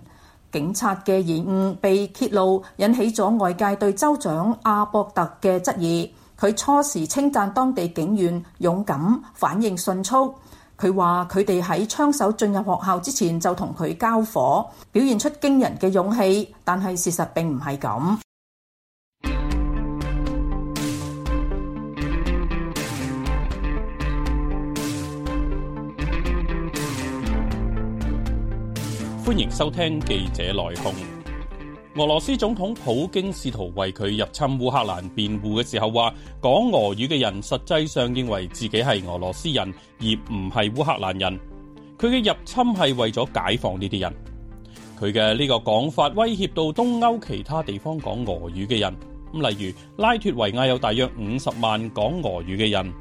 [SPEAKER 5] 警察嘅延誤被揭露，引起咗外界對州長阿博特嘅質疑。佢初時稱讚當地警員勇敢反應迅速，佢話佢哋喺槍手進入學校之前就同佢交火，表現出驚人嘅勇氣。但係事實並唔係咁。
[SPEAKER 1] 歡迎收聽記者來控。俄羅斯總統普京試圖為佢入侵烏克蘭辯護嘅時候，話講俄語嘅人實際上認為自己係俄羅斯人，而唔係烏克蘭人。佢嘅入侵係為咗解放呢啲人。佢嘅呢個講法威脅到東歐其他地方講俄語嘅人，咁例如拉脱維亞有大約五十萬講俄語嘅人。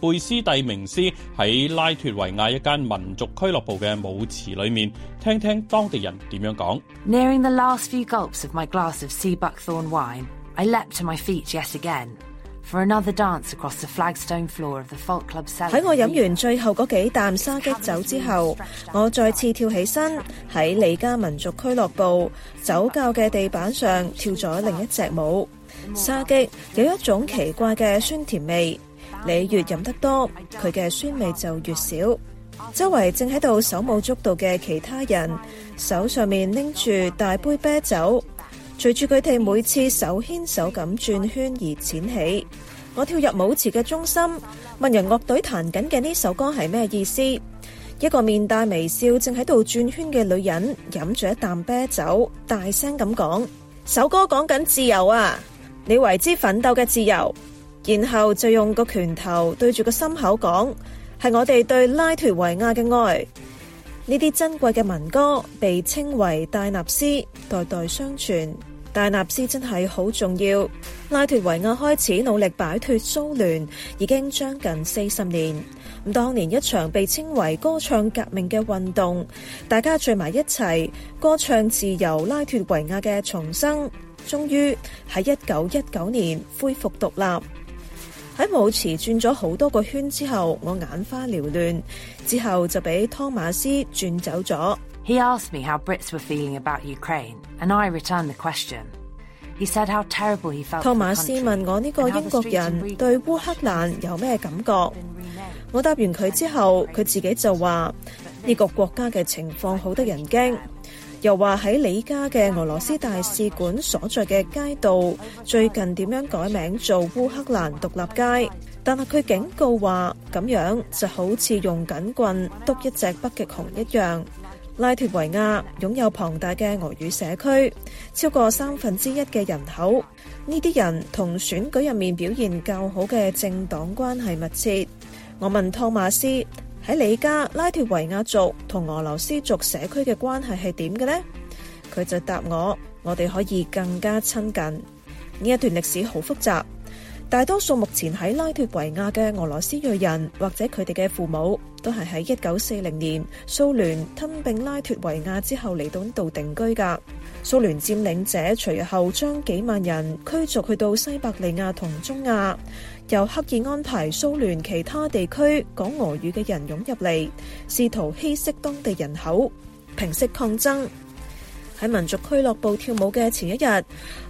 [SPEAKER 1] 貝斯蒂名斯喺拉脱維亞一間民族俱樂部嘅舞池裏面，聽聽當地人點樣講。
[SPEAKER 7] Nearing the last few gulps of my glass of sea buckthorn wine, I leapt to my feet yet again, for another dance across the flagstone floor of the folk club cellar. 喺我飲完最後嗰幾啖沙棘酒之後，我再次跳起身喺李家民族俱樂部酒窖嘅地板上跳咗另一隻舞。沙棘有一種奇怪嘅酸甜味。你越飲得多，佢嘅酸味就越少。周圍正喺度手舞足蹈嘅其他人，手上面拎住大杯啤酒，隨住佢哋每次手牽手咁轉圈而濺起。我跳入舞池嘅中心，問人樂隊彈緊嘅呢首歌係咩意思？一個面帶微笑正喺度轉圈嘅女人，飲住一啖啤酒，大聲咁講：首歌講緊自由啊！你為之奮鬥嘅自由。然後就用個拳頭對住個心口講，係我哋對拉脫維亞嘅愛。呢啲珍貴嘅民歌被稱為戴納斯，代代相傳。戴納斯真係好重要。拉脫維亞開始努力擺脫蘇聯已經將近四十年。咁當年一場被稱為歌唱革命嘅運動，大家聚埋一齊歌唱自由，拉脫維亞嘅重生，終於喺一九一九年恢復獨立。喺舞池轉咗好多個圈之後，我眼花繚亂，之後就俾湯馬斯轉走咗。湯馬斯問我呢個英國人對烏克蘭有咩感覺，我答完佢之後，佢自己就話呢個國家嘅情況好得人驚。又話喺里加嘅俄羅斯大使館所在嘅街道，最近點樣改名做烏克蘭獨立街，但係佢警告話，咁樣就好似用緊棍篤一隻北極熊一樣。拉脱維亞擁有龐大嘅俄語社區，超過三分之一嘅人口，呢啲人同選舉入面表現較好嘅政黨關係密切。我問托馬斯。喺里加，拉脱維亞族同俄羅斯族社區嘅關係係點嘅呢？佢就答我：我哋可以更加親近。呢一段歷史好複雜。大多數目前喺拉脱維亞嘅俄羅斯裔人，或者佢哋嘅父母都，都係喺一九四零年蘇聯吞併拉脱維亞之後嚟到呢度定居噶。蘇聯佔領者隨後將幾萬人驅逐去到西伯利亞同中亞，又刻意安排蘇聯其他地區講俄語嘅人湧入嚟，試圖稀釋當地人口，平息抗爭。喺民族俱樂部跳舞嘅前一日，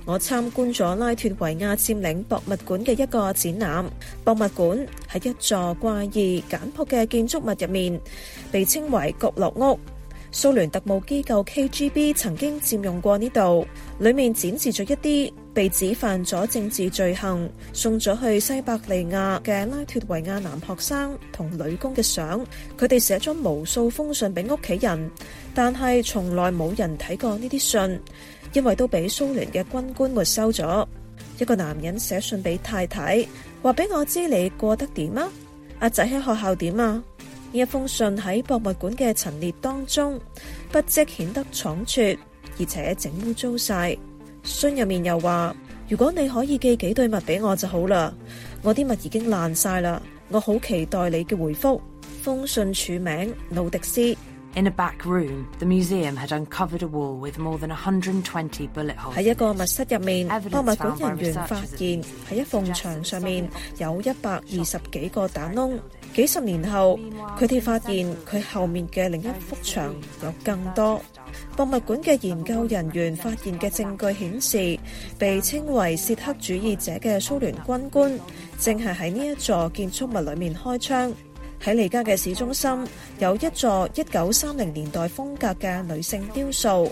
[SPEAKER 7] 我參觀咗拉脱維亞佔領博物館嘅一個展覽。博物館喺一座怪異簡樸嘅建築物入面，被稱為閣落屋。蘇聯特務機構 KGB 曾經佔用過呢度，裡面展示咗一啲被指犯咗政治罪行、送咗去西伯利亞嘅拉脱維亞男學生同女工嘅相，佢哋寫咗無數封信俾屋企人，但係從來冇人睇過呢啲信，因為都俾蘇聯嘅軍官沒收咗。一個男人寫信俾太太，話俾我知你過得點啊，阿仔喺學校點啊？呢一封信喺博物館嘅陳列當中，筆迹顯得倉促，而且整污糟晒。信入面又話：如果你可以寄幾對襪俾我就好啦，我啲襪已經爛晒啦，我好期待你嘅回覆。封信署名：盧迪斯。喺一個密室入面，博物館人員發現喺一埲牆上面有一百二十幾個彈窿。幾十年後，佢哋發現佢後面嘅另一幅牆有更多，博物館嘅研究人員發現嘅證據顯示，被稱為泄黑主義者嘅蘇聯軍官正係喺呢一座建築物裏面開槍。喺里加嘅市中心有一座一九三零年代風格嘅女性雕塑，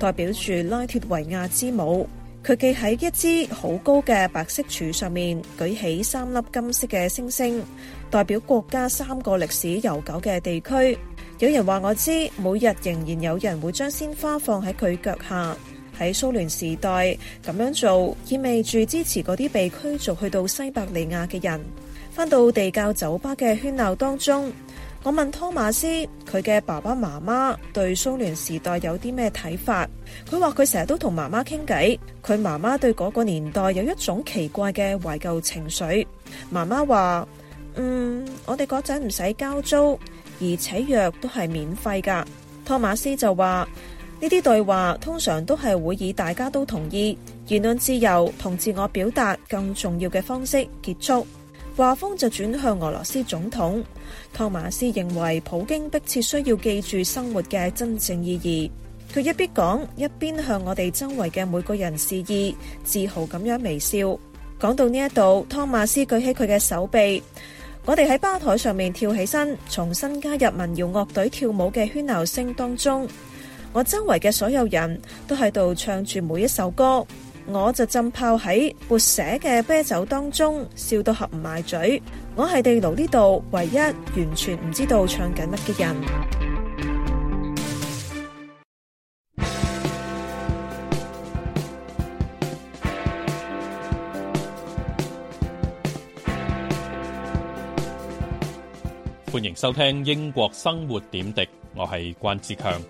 [SPEAKER 7] 代表住拉脱維亞之母。佢記喺一支好高嘅白色柱上面舉起三粒金色嘅星星。代表國家三個歷史悠久嘅地區，有人話我知，每日仍然有人會將鮮花放喺佢腳下。喺蘇聯時代咁樣做，意味住支持嗰啲被驅逐去到西伯利亞嘅人。返到地窖酒吧嘅喧鬧當中，我問托馬斯，佢嘅爸爸媽媽對蘇聯時代有啲咩睇法？佢話佢成日都同媽媽傾偈，佢媽媽對嗰個年代有一種奇怪嘅懷舊情緒。媽媽話。嗯，我哋嗰陣唔使交租，而且藥都係免費噶托馬斯就話呢啲對話通常都係會以大家都同意言論自由同自我表達更重要嘅方式結束。話鋒就轉向俄羅斯總統，托馬斯認為普京迫切需要記住生活嘅真正意義。佢一邊講一邊向我哋周圍嘅每個人示意，自豪咁樣微笑。講到呢一度，托馬斯舉起佢嘅手臂。我哋喺吧台上面跳起身，重新加入民謠樂隊跳舞嘅喧鬧聲當中。我周圍嘅所有人都喺度唱住每一首歌，我就浸泡喺潑瀉嘅啤酒當中，笑到合唔埋嘴。我喺地牢呢度唯一完全唔知道唱緊乜嘅人。
[SPEAKER 1] 歡迎收聽英國生活點滴，我係關志強。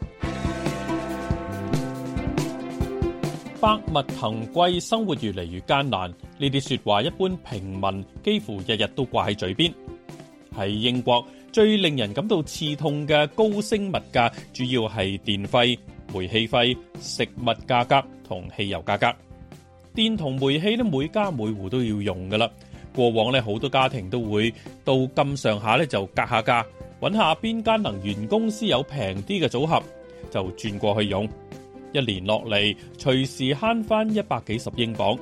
[SPEAKER 1] 百物騰貴，生活越嚟越艱難，呢啲說話一般平民幾乎日日都掛喺嘴邊。喺英國最令人感到刺痛嘅高升物價，主要係電費、煤氣費、食物價格同汽油價格。電同煤氣咧，每家每戶都要用噶啦。過往咧，好多家庭都會到咁上下咧，就隔下價，揾下邊間能源公司有平啲嘅組合，就轉過去用。一年落嚟，隨時慳翻一百幾十英鎊。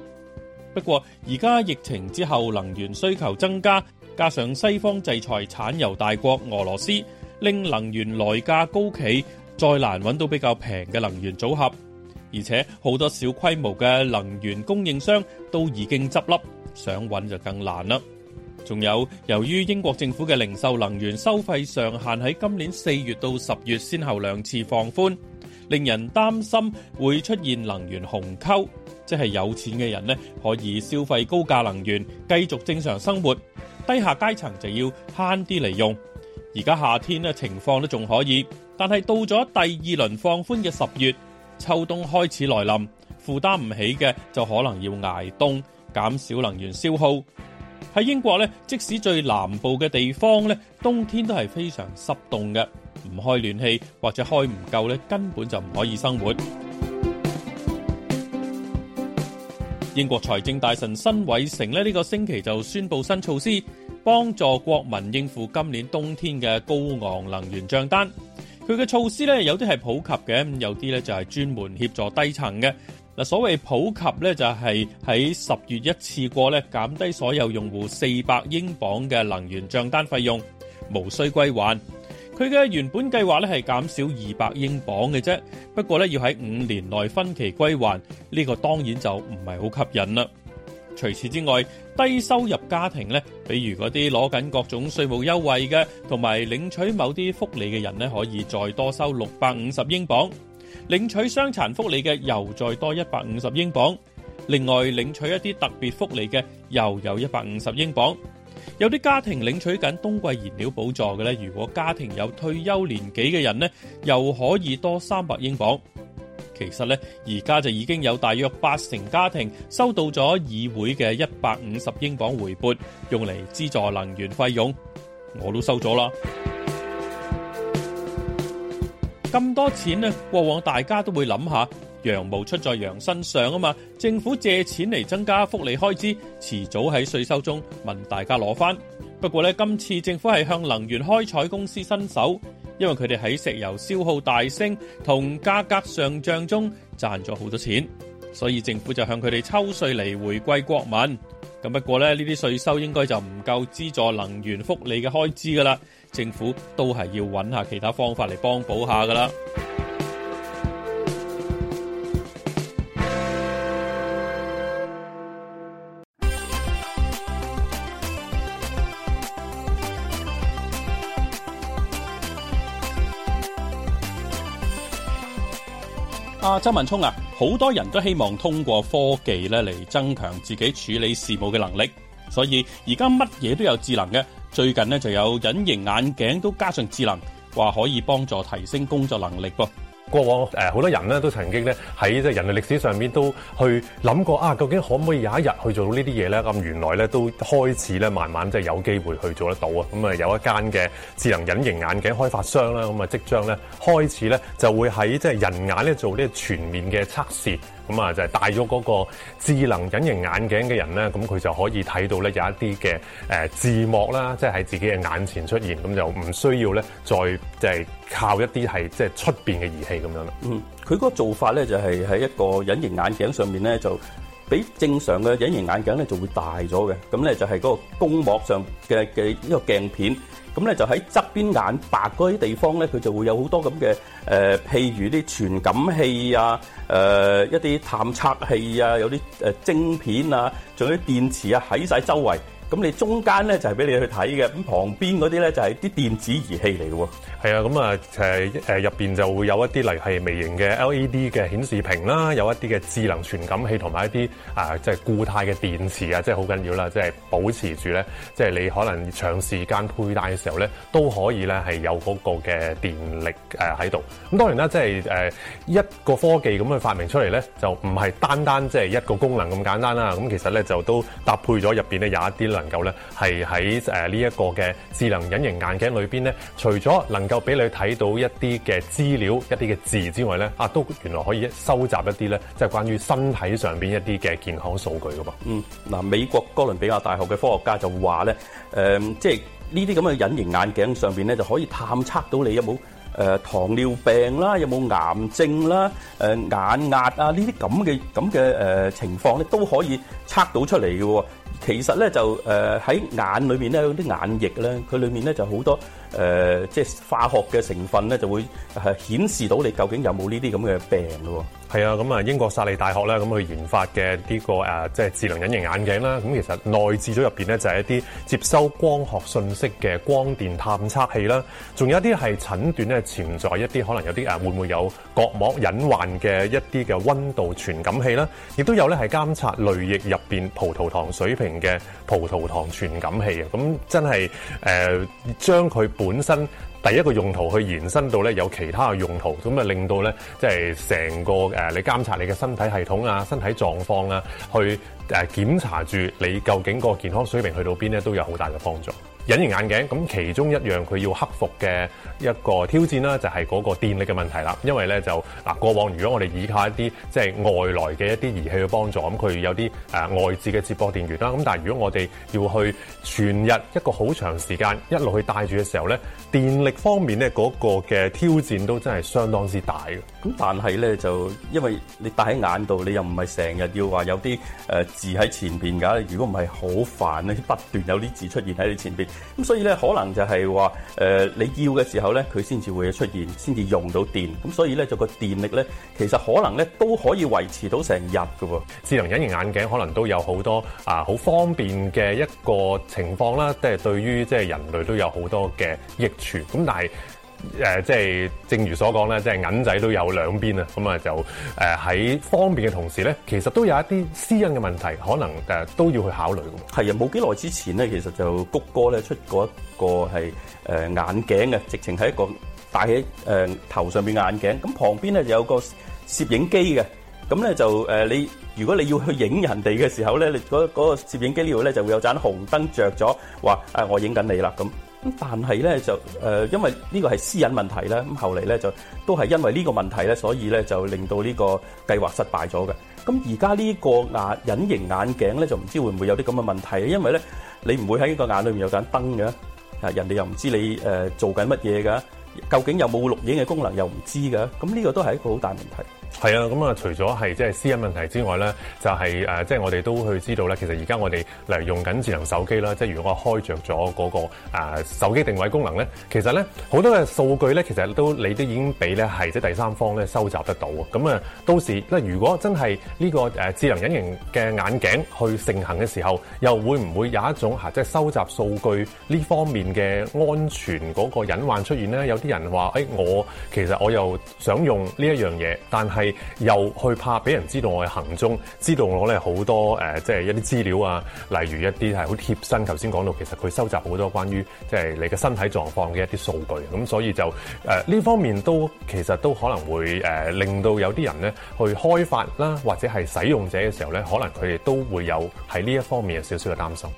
[SPEAKER 1] 不過而家疫情之後，能源需求增加，加上西方制裁產油大國俄羅斯，令能源來價高企，再難揾到比較平嘅能源組合。而且好多小規模嘅能源供應商都已經執笠。想揾就更難啦。仲有，由於英國政府嘅零售能源收費上限喺今年四月到十月先後兩次放寬，令人擔心會出現能源鴻溝，即係有錢嘅人呢可以消費高價能源繼續正常生活，低下階層就要慳啲嚟用。而家夏天呢情況都仲可以，但係到咗第二輪放寬嘅十月，秋冬開始來臨，負擔唔起嘅就可能要捱冬。減少能源消耗。喺英國咧，即使最南部嘅地方咧，冬天都係非常濕凍嘅，唔開暖氣或者開唔夠咧，根本就唔可以生活。英國財政大臣辛偉誠咧呢個星期就宣布新措施，幫助國民應付今年冬天嘅高昂能源賬單。佢嘅措施咧有啲係普及嘅，咁有啲咧就係專門協助低層嘅。嗱，所謂普及咧，就係喺十月一次過咧減低所有用戶四百英鎊嘅能源帳單費用，無需歸還。佢嘅原本計劃咧係減少二百英鎊嘅啫，不過咧要喺五年內分期歸還。呢個當然就唔係好吸引啦。除此之外，低收入家庭咧，比如嗰啲攞緊各種稅務優惠嘅，同埋領取某啲福利嘅人咧，可以再多收六百五十英鎊。領取傷殘福利嘅又再多一百五十英鎊，另外領取一啲特別福利嘅又有一百五十英鎊，有啲家庭領取緊冬季燃料補助嘅咧，如果家庭有退休年紀嘅人呢，又可以多三百英鎊。其實呢，而家就已經有大約八成家庭收到咗議會嘅一百五十英鎊回撥，用嚟資助能源費用，我都收咗啦。咁多錢呢，過往大家都會諗下，羊毛出在羊身上啊嘛。政府借錢嚟增加福利開支，遲早喺稅收中問大家攞翻。不過呢，今次政府係向能源開採公司伸手，因為佢哋喺石油消耗大升同價格上漲中賺咗好多錢，所以政府就向佢哋抽稅嚟回歸國民。咁不過咧，呢啲稅收應該就唔夠資助能源福利嘅開支噶啦。政府都係要揾下其他方法嚟幫補下㗎喇。啊，周文聰啊，好多人都希望通過科技咧嚟增強自己處理事務嘅能力，所以而家乜嘢都有智能嘅。最近咧就有隱形眼鏡都加上智能，
[SPEAKER 2] 話可以幫助提升工作能力噃。過往誒好多人咧都曾經咧喺即係人類歷史上面都去諗過啊，究竟可唔可以有一日去做呢啲嘢咧？咁原來咧都開始咧，慢慢即係有機會去做得到啊。咁啊有一間嘅智能隱形眼鏡開發商啦，咁啊即將咧開始咧就會喺即係人眼咧做啲全面嘅測試。咁啊，就係戴咗嗰個智能隱形眼鏡嘅人咧，咁佢就可以睇到咧有一啲嘅誒字幕啦，即係喺自己嘅眼前出現，咁就唔需要咧再即係靠一啲係即係出邊嘅儀器咁樣啦。嗯，佢嗰個做法咧就係喺一
[SPEAKER 1] 個隱形眼鏡上面咧，就比正常嘅隱形眼鏡咧就會大咗嘅，咁咧就係嗰個光膜上嘅嘅呢個鏡片。咁咧就喺側邊眼白嗰啲地方咧，佢就會有好多咁嘅誒，譬如啲傳感器啊，誒、呃、一啲探測器啊，有啲誒晶片啊，仲有啲電池啊喺晒周圍。咁你中間咧就係、是、俾你去睇嘅，咁旁邊嗰啲咧就係、是、啲電子儀器嚟嘅喎。
[SPEAKER 2] 係啊，咁啊誒誒入邊就會有一啲例如係微型嘅 LED 嘅顯示屏啦，有一啲嘅智能傳感器同埋一啲啊即係固態嘅電池啊，即係好緊要啦，即、就、係、是、保持住咧，即、就、係、是、你可能長時間佩戴嘅時候咧都可以咧係有嗰個嘅電力誒喺度。咁、嗯、當然啦，即係誒一個科技咁樣去發明出嚟咧，就唔係單單即係一個功能咁簡單啦。咁、嗯、其實咧就都搭配咗入邊咧有一啲咧。能夠咧，係喺誒呢一個嘅智能隱形眼鏡裏邊咧，除咗能夠俾你睇到一啲嘅資料、一啲嘅字之外咧，啊，都原來可以收集一啲咧，即係關於身體上邊一啲嘅健康數據噶噃。嗯，嗱、啊，美國哥倫比亞大學嘅
[SPEAKER 1] 科學家就話咧，誒、呃，即係呢啲咁嘅隱形眼鏡上邊咧，就可以探測到你有冇誒、呃、糖尿病啦，有冇癌症啦，誒、呃、眼壓啊，呢啲咁嘅咁嘅誒情況咧，都可以測到出嚟嘅喎。其實咧就誒喺、呃、眼裏面咧有啲眼液咧，佢裏面咧就好多誒、呃、即係化學嘅成分咧，就會係顯示到你究竟有冇呢啲咁嘅病咯、哦。
[SPEAKER 2] 係啊，咁啊、嗯、英國薩利大學咧咁去研發嘅呢、這個誒，即、呃、係智能隱形眼鏡啦。咁、嗯、其實內置咗入邊咧，就係一啲接收光學信息嘅光電探測器啦。仲有一啲係診斷咧，潛在一啲可能有啲誒、呃、會唔會有角膜隱患嘅一啲嘅溫度傳感器啦。亦都有咧係監察淚液入邊葡萄糖水平嘅葡萄糖傳感器啊。咁、嗯、真係誒、呃，將佢本身。第一個用途去延伸到咧有其他嘅用途，咁啊令到咧即係成個誒你監察你嘅身體系統啊、身體狀況啊，去誒檢查住你究竟個健康水平去到邊咧，都有好大嘅幫助。隱形眼鏡咁，其中一樣佢要克服嘅一個挑戰啦，就係嗰個電力嘅問題啦。因為咧就嗱過往，如果我哋依靠一啲即係外來嘅一啲儀器去幫助，咁佢有啲誒、呃、外置嘅接駁電源啦。咁但係如果我哋要去全日一個好長時間一路去戴住嘅時候咧，電力方面咧嗰、那個嘅挑戰都真係相當之大嘅。咁但係咧就因為你戴喺
[SPEAKER 1] 眼度，你又唔係成日要話有啲誒、呃、字喺前邊㗎。如果唔係好煩咧，你不斷有啲字出現喺你前邊。咁所以咧，可能就係話，誒、呃，你要嘅時候咧，佢先至會出現，先至用到電。咁所以咧，就個電力咧，其實可能咧，都可以維
[SPEAKER 2] 持到成日噶喎。智能隱形眼鏡可能都有好多啊，好、呃、方便嘅一個情況啦，即、呃、係對於即係人類都有好多嘅益處。咁、呃、但係。誒、呃，即係正如所講咧，即係銀仔都有兩邊啊！咁、嗯、啊，就誒喺、呃、方便嘅同時咧，其實都有一啲私隱嘅問題，可能誒、呃、都要去考慮。係啊，冇幾耐
[SPEAKER 1] 之前咧，其實就谷歌咧出過一個係誒眼鏡嘅，直情係一個戴喺誒頭上邊眼鏡。咁旁邊咧就有個攝影機嘅。咁咧就誒、呃、你如果你要去影人哋嘅時候咧，你嗰嗰個攝影機裏邊咧就會有盞紅燈着咗，話誒、啊、我影緊你啦咁。咁但係咧就誒，因為呢個係私隱問題咧，咁後嚟咧就都係因為呢個問題咧，所以咧就令到呢個計劃失敗咗嘅。咁而家呢個眼隱形眼鏡咧，就唔知會唔會有啲咁嘅問題，因為咧你唔會喺呢個眼裏面有間燈嘅，啊，人哋又唔知你誒做緊乜嘢㗎，
[SPEAKER 2] 究竟有冇錄影嘅功能又唔知㗎，咁呢個都係一個好大問題。係啊，咁啊，除咗係即係私隱問題之外咧，就係、是、誒、呃，即係我哋都去知道咧，其實而家我哋例如用緊智能手機啦，即係如果我開着咗嗰、那個、呃、手機定位功能咧，其實咧好多嘅數據咧，其實都你都已經俾咧係即係第三方咧收集得到咁啊、嗯，到時，因如果真係呢個誒智能隱形嘅眼鏡去盛行嘅時候，又會唔會有一種嚇即係收集數據呢方面嘅安全嗰個隱患出現咧？有啲人話誒、哎，我其實我又想用呢一樣嘢，但係。又去怕俾人知道我嘅行蹤，知道我咧好多誒即係一啲資料啊，例如一啲係好貼身。頭先講到，其實佢收集好多關於即係你嘅身體狀況嘅一啲數據，咁所以就誒呢、呃、方面都其實都可能會誒、呃、令到有啲人咧去開發啦，或者係使用者嘅時候咧，可能佢哋都會有喺呢一方面有少少嘅擔心。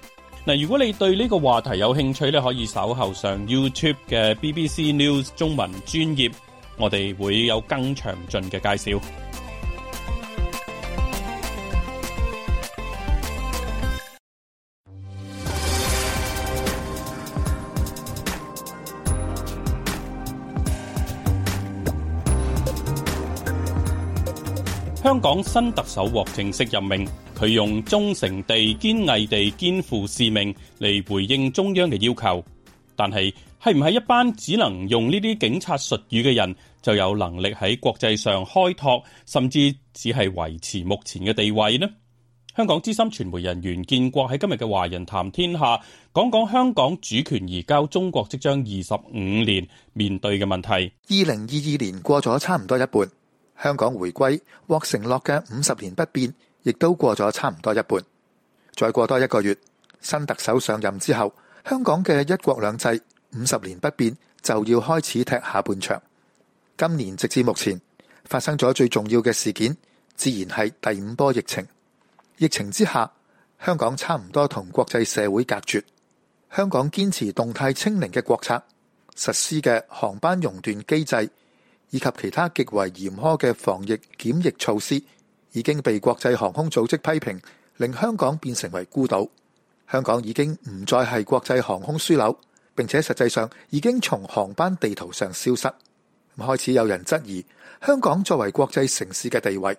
[SPEAKER 1] 嗱，如果你對呢個話題有興趣咧，你可以稍後上 YouTube 嘅 BBC News 中文專頁。我哋會有更詳盡嘅介紹。香港新特首獲正式任命，佢用忠誠地、堅毅地肩負使命嚟回應中央嘅要求，但係。係唔係一班只能用呢啲警察術語嘅人就有能力喺國際上開拓，甚至只係維持目前嘅地位呢？香港資深傳媒人員建國喺今日嘅《華人談天下》講講香港主權移交中國，即將二十五年面對嘅
[SPEAKER 4] 問題。二零二二年過咗差唔多一半，香港回歸獲承諾嘅五十年不變，亦都過咗差唔多一半。再過多一個月，新特首上任之後，香港嘅一國兩制。五十年不變，就要開始踢下半場。今年直至目前發生咗最重要嘅事件，自然係第五波疫情。疫情之下，香港差唔多同國際社會隔絕。香港堅持動態清零嘅國策，實施嘅航班熔斷機制，以及其他極為嚴苛嘅防疫檢疫措施，已經被國際航空組織批評，令香港變成為孤島。香港已經唔再係國際航空樞紐。並且實際上已經從航班地圖上消失，開始有人質疑香港作為國際城市嘅地位。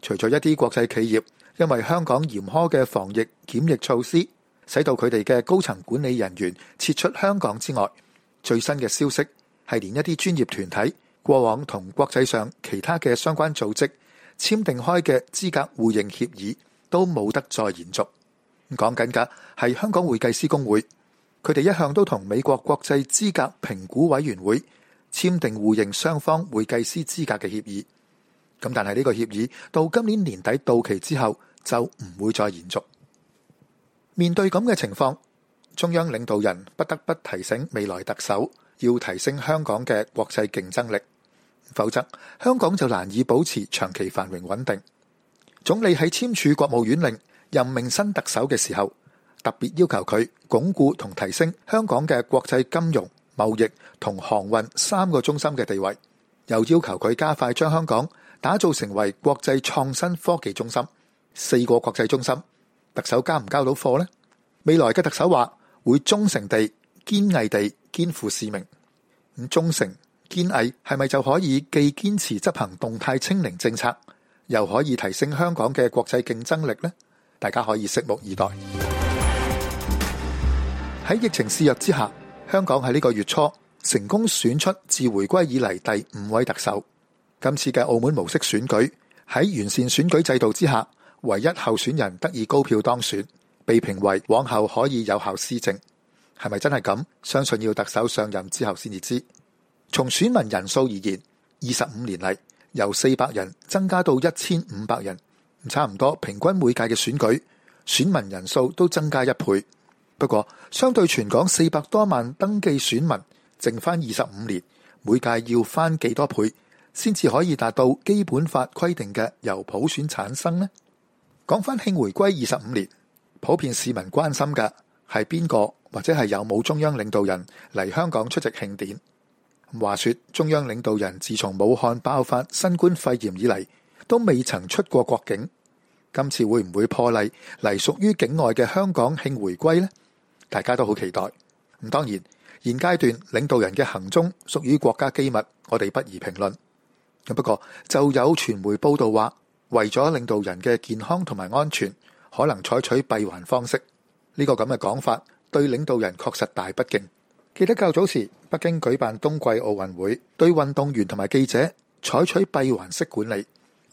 [SPEAKER 4] 除咗一啲國際企業，因為香港嚴苛嘅防疫檢疫措施，使到佢哋嘅高層管理人員撤出香港之外，最新嘅消息係連一啲專業團體過往同國際上其他嘅相關組織簽訂開嘅資格互認協議都冇得再延續。講緊噶，係香港會計師公會。佢哋一向都同美國國際資格評估委員會簽訂互認雙方會計師資格嘅協議，咁但係呢個協議到今年年底到期之後，就唔會再延續。面對咁嘅情況，中央領導人不得不提醒未來特首要提升香港嘅國際競爭力，否則香港就難以保持長期繁榮穩定。總理喺簽署國務院令任命新特首嘅時候，特別要求佢鞏固同提升香港嘅國際金融、貿易同航運三個中心嘅地位，又要求佢加快將香港打造成為國際創新科技中心，四個國際中心。特首交唔交到貨呢？未來嘅特首話會忠誠地、堅毅地肩負使命。咁忠誠、堅毅係咪就可以既堅持執行動態清零政策，又可以提升香港嘅國際競爭力呢？大家可以拭目以待。喺疫情肆虐之下，香港喺呢個月初成功選出自回歸以嚟，第五位特首。今次嘅澳門模式選舉喺完善選舉制度之下，唯一候選人得以高票當選，被評為往後可以有效施政。係咪真係咁？相信要特首上任之後先至知。從選民人數而言，二十五年嚟，由四百人增加到一千五百人，差唔多平均每屆嘅選舉選民人數都增加一倍。不過，相對全港四百多萬登記選民，剩翻二十五年，每屆要翻幾多倍先至可以達到基本法規定嘅由普選產生呢？講翻慶回歸二十五年，普遍市民關心嘅係邊個，或者係有冇中央領導人嚟香港出席慶典？話說中央領導人自從武漢爆發新冠肺炎以嚟，都未曾出過國境，今次會唔會破例嚟屬於境外嘅香港慶回歸呢？大家都好期待。咁當然，現階段領導人嘅行蹤屬於國家機密，我哋不宜評論，咁不過就有傳媒報道話為咗領導人嘅健康同埋安全，可能採取閉環方式。呢個咁嘅講法對領導人確實大不敬。記得較早時北京舉辦冬季奧運會對運動員同埋記者採取閉環式管理，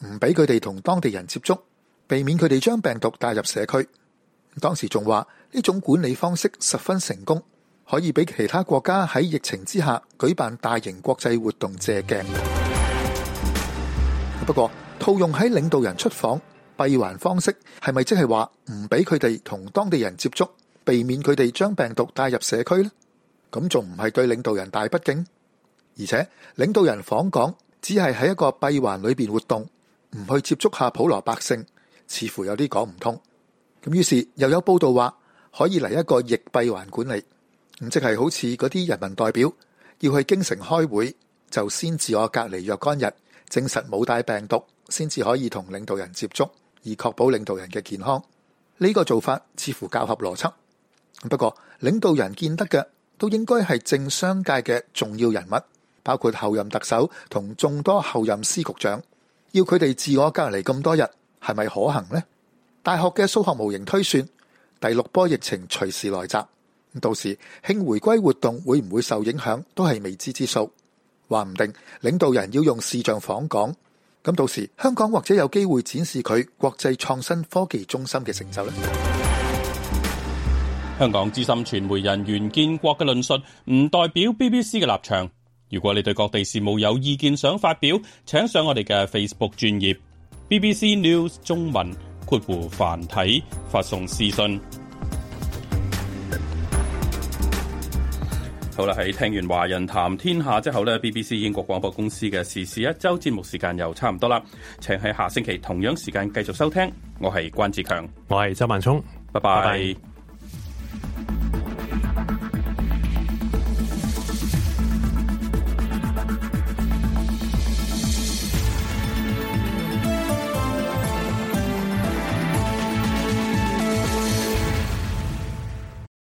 [SPEAKER 4] 唔俾佢哋同當地人接觸，避免佢哋將病毒帶入社區。當時仲話呢種管理方式十分成功，可以俾其他國家喺疫情之下舉辦大型國際活動借鏡。不過套用喺領導人出訪閉環方式，係咪即係話唔俾佢哋同當地人接觸，避免佢哋將病毒帶入社區呢？咁仲唔係對領導人大不敬？而且領導人訪港只係喺一個閉環裏面活動，唔去接觸下普羅百姓，似乎有啲講唔通。咁於是又有報道話，可以嚟一個疫閉環管理，咁即係好似嗰啲人民代表要去京城開會，就先自我隔離若干日，證實冇帶病毒，先至可以同領導人接觸，以確保領導人嘅健康。呢個做法似乎較合邏輯。不過領導人見得嘅都應該係政商界嘅重要人物，包括候任特首同眾多候任司局長，要佢哋自我隔離咁多日，係咪可行呢？大學嘅數學模型推算，第六波疫情隨時來襲，到時慶回歸活動會唔會受影響都係未知之數。話唔定領導人要用視像訪港，咁到時香港或者有機會展示佢國際創新科技中心嘅成就咧。香
[SPEAKER 1] 港資深傳媒人袁建國嘅論述唔代表 BBC 嘅立場。如果你對各地事務有意見想發表，請上我哋嘅 Facebook 專頁 BBC News 中文。括弧繁體發送私信。 [MUSIC] 好啦，喺聽完華人談天下之後呢 BBC 英國廣播公司嘅時事一周節目時間又差唔多啦，請喺下星期同樣時間繼續收聽。我係關志強，我係周萬聰，拜拜。 [MUSIC] bye bye.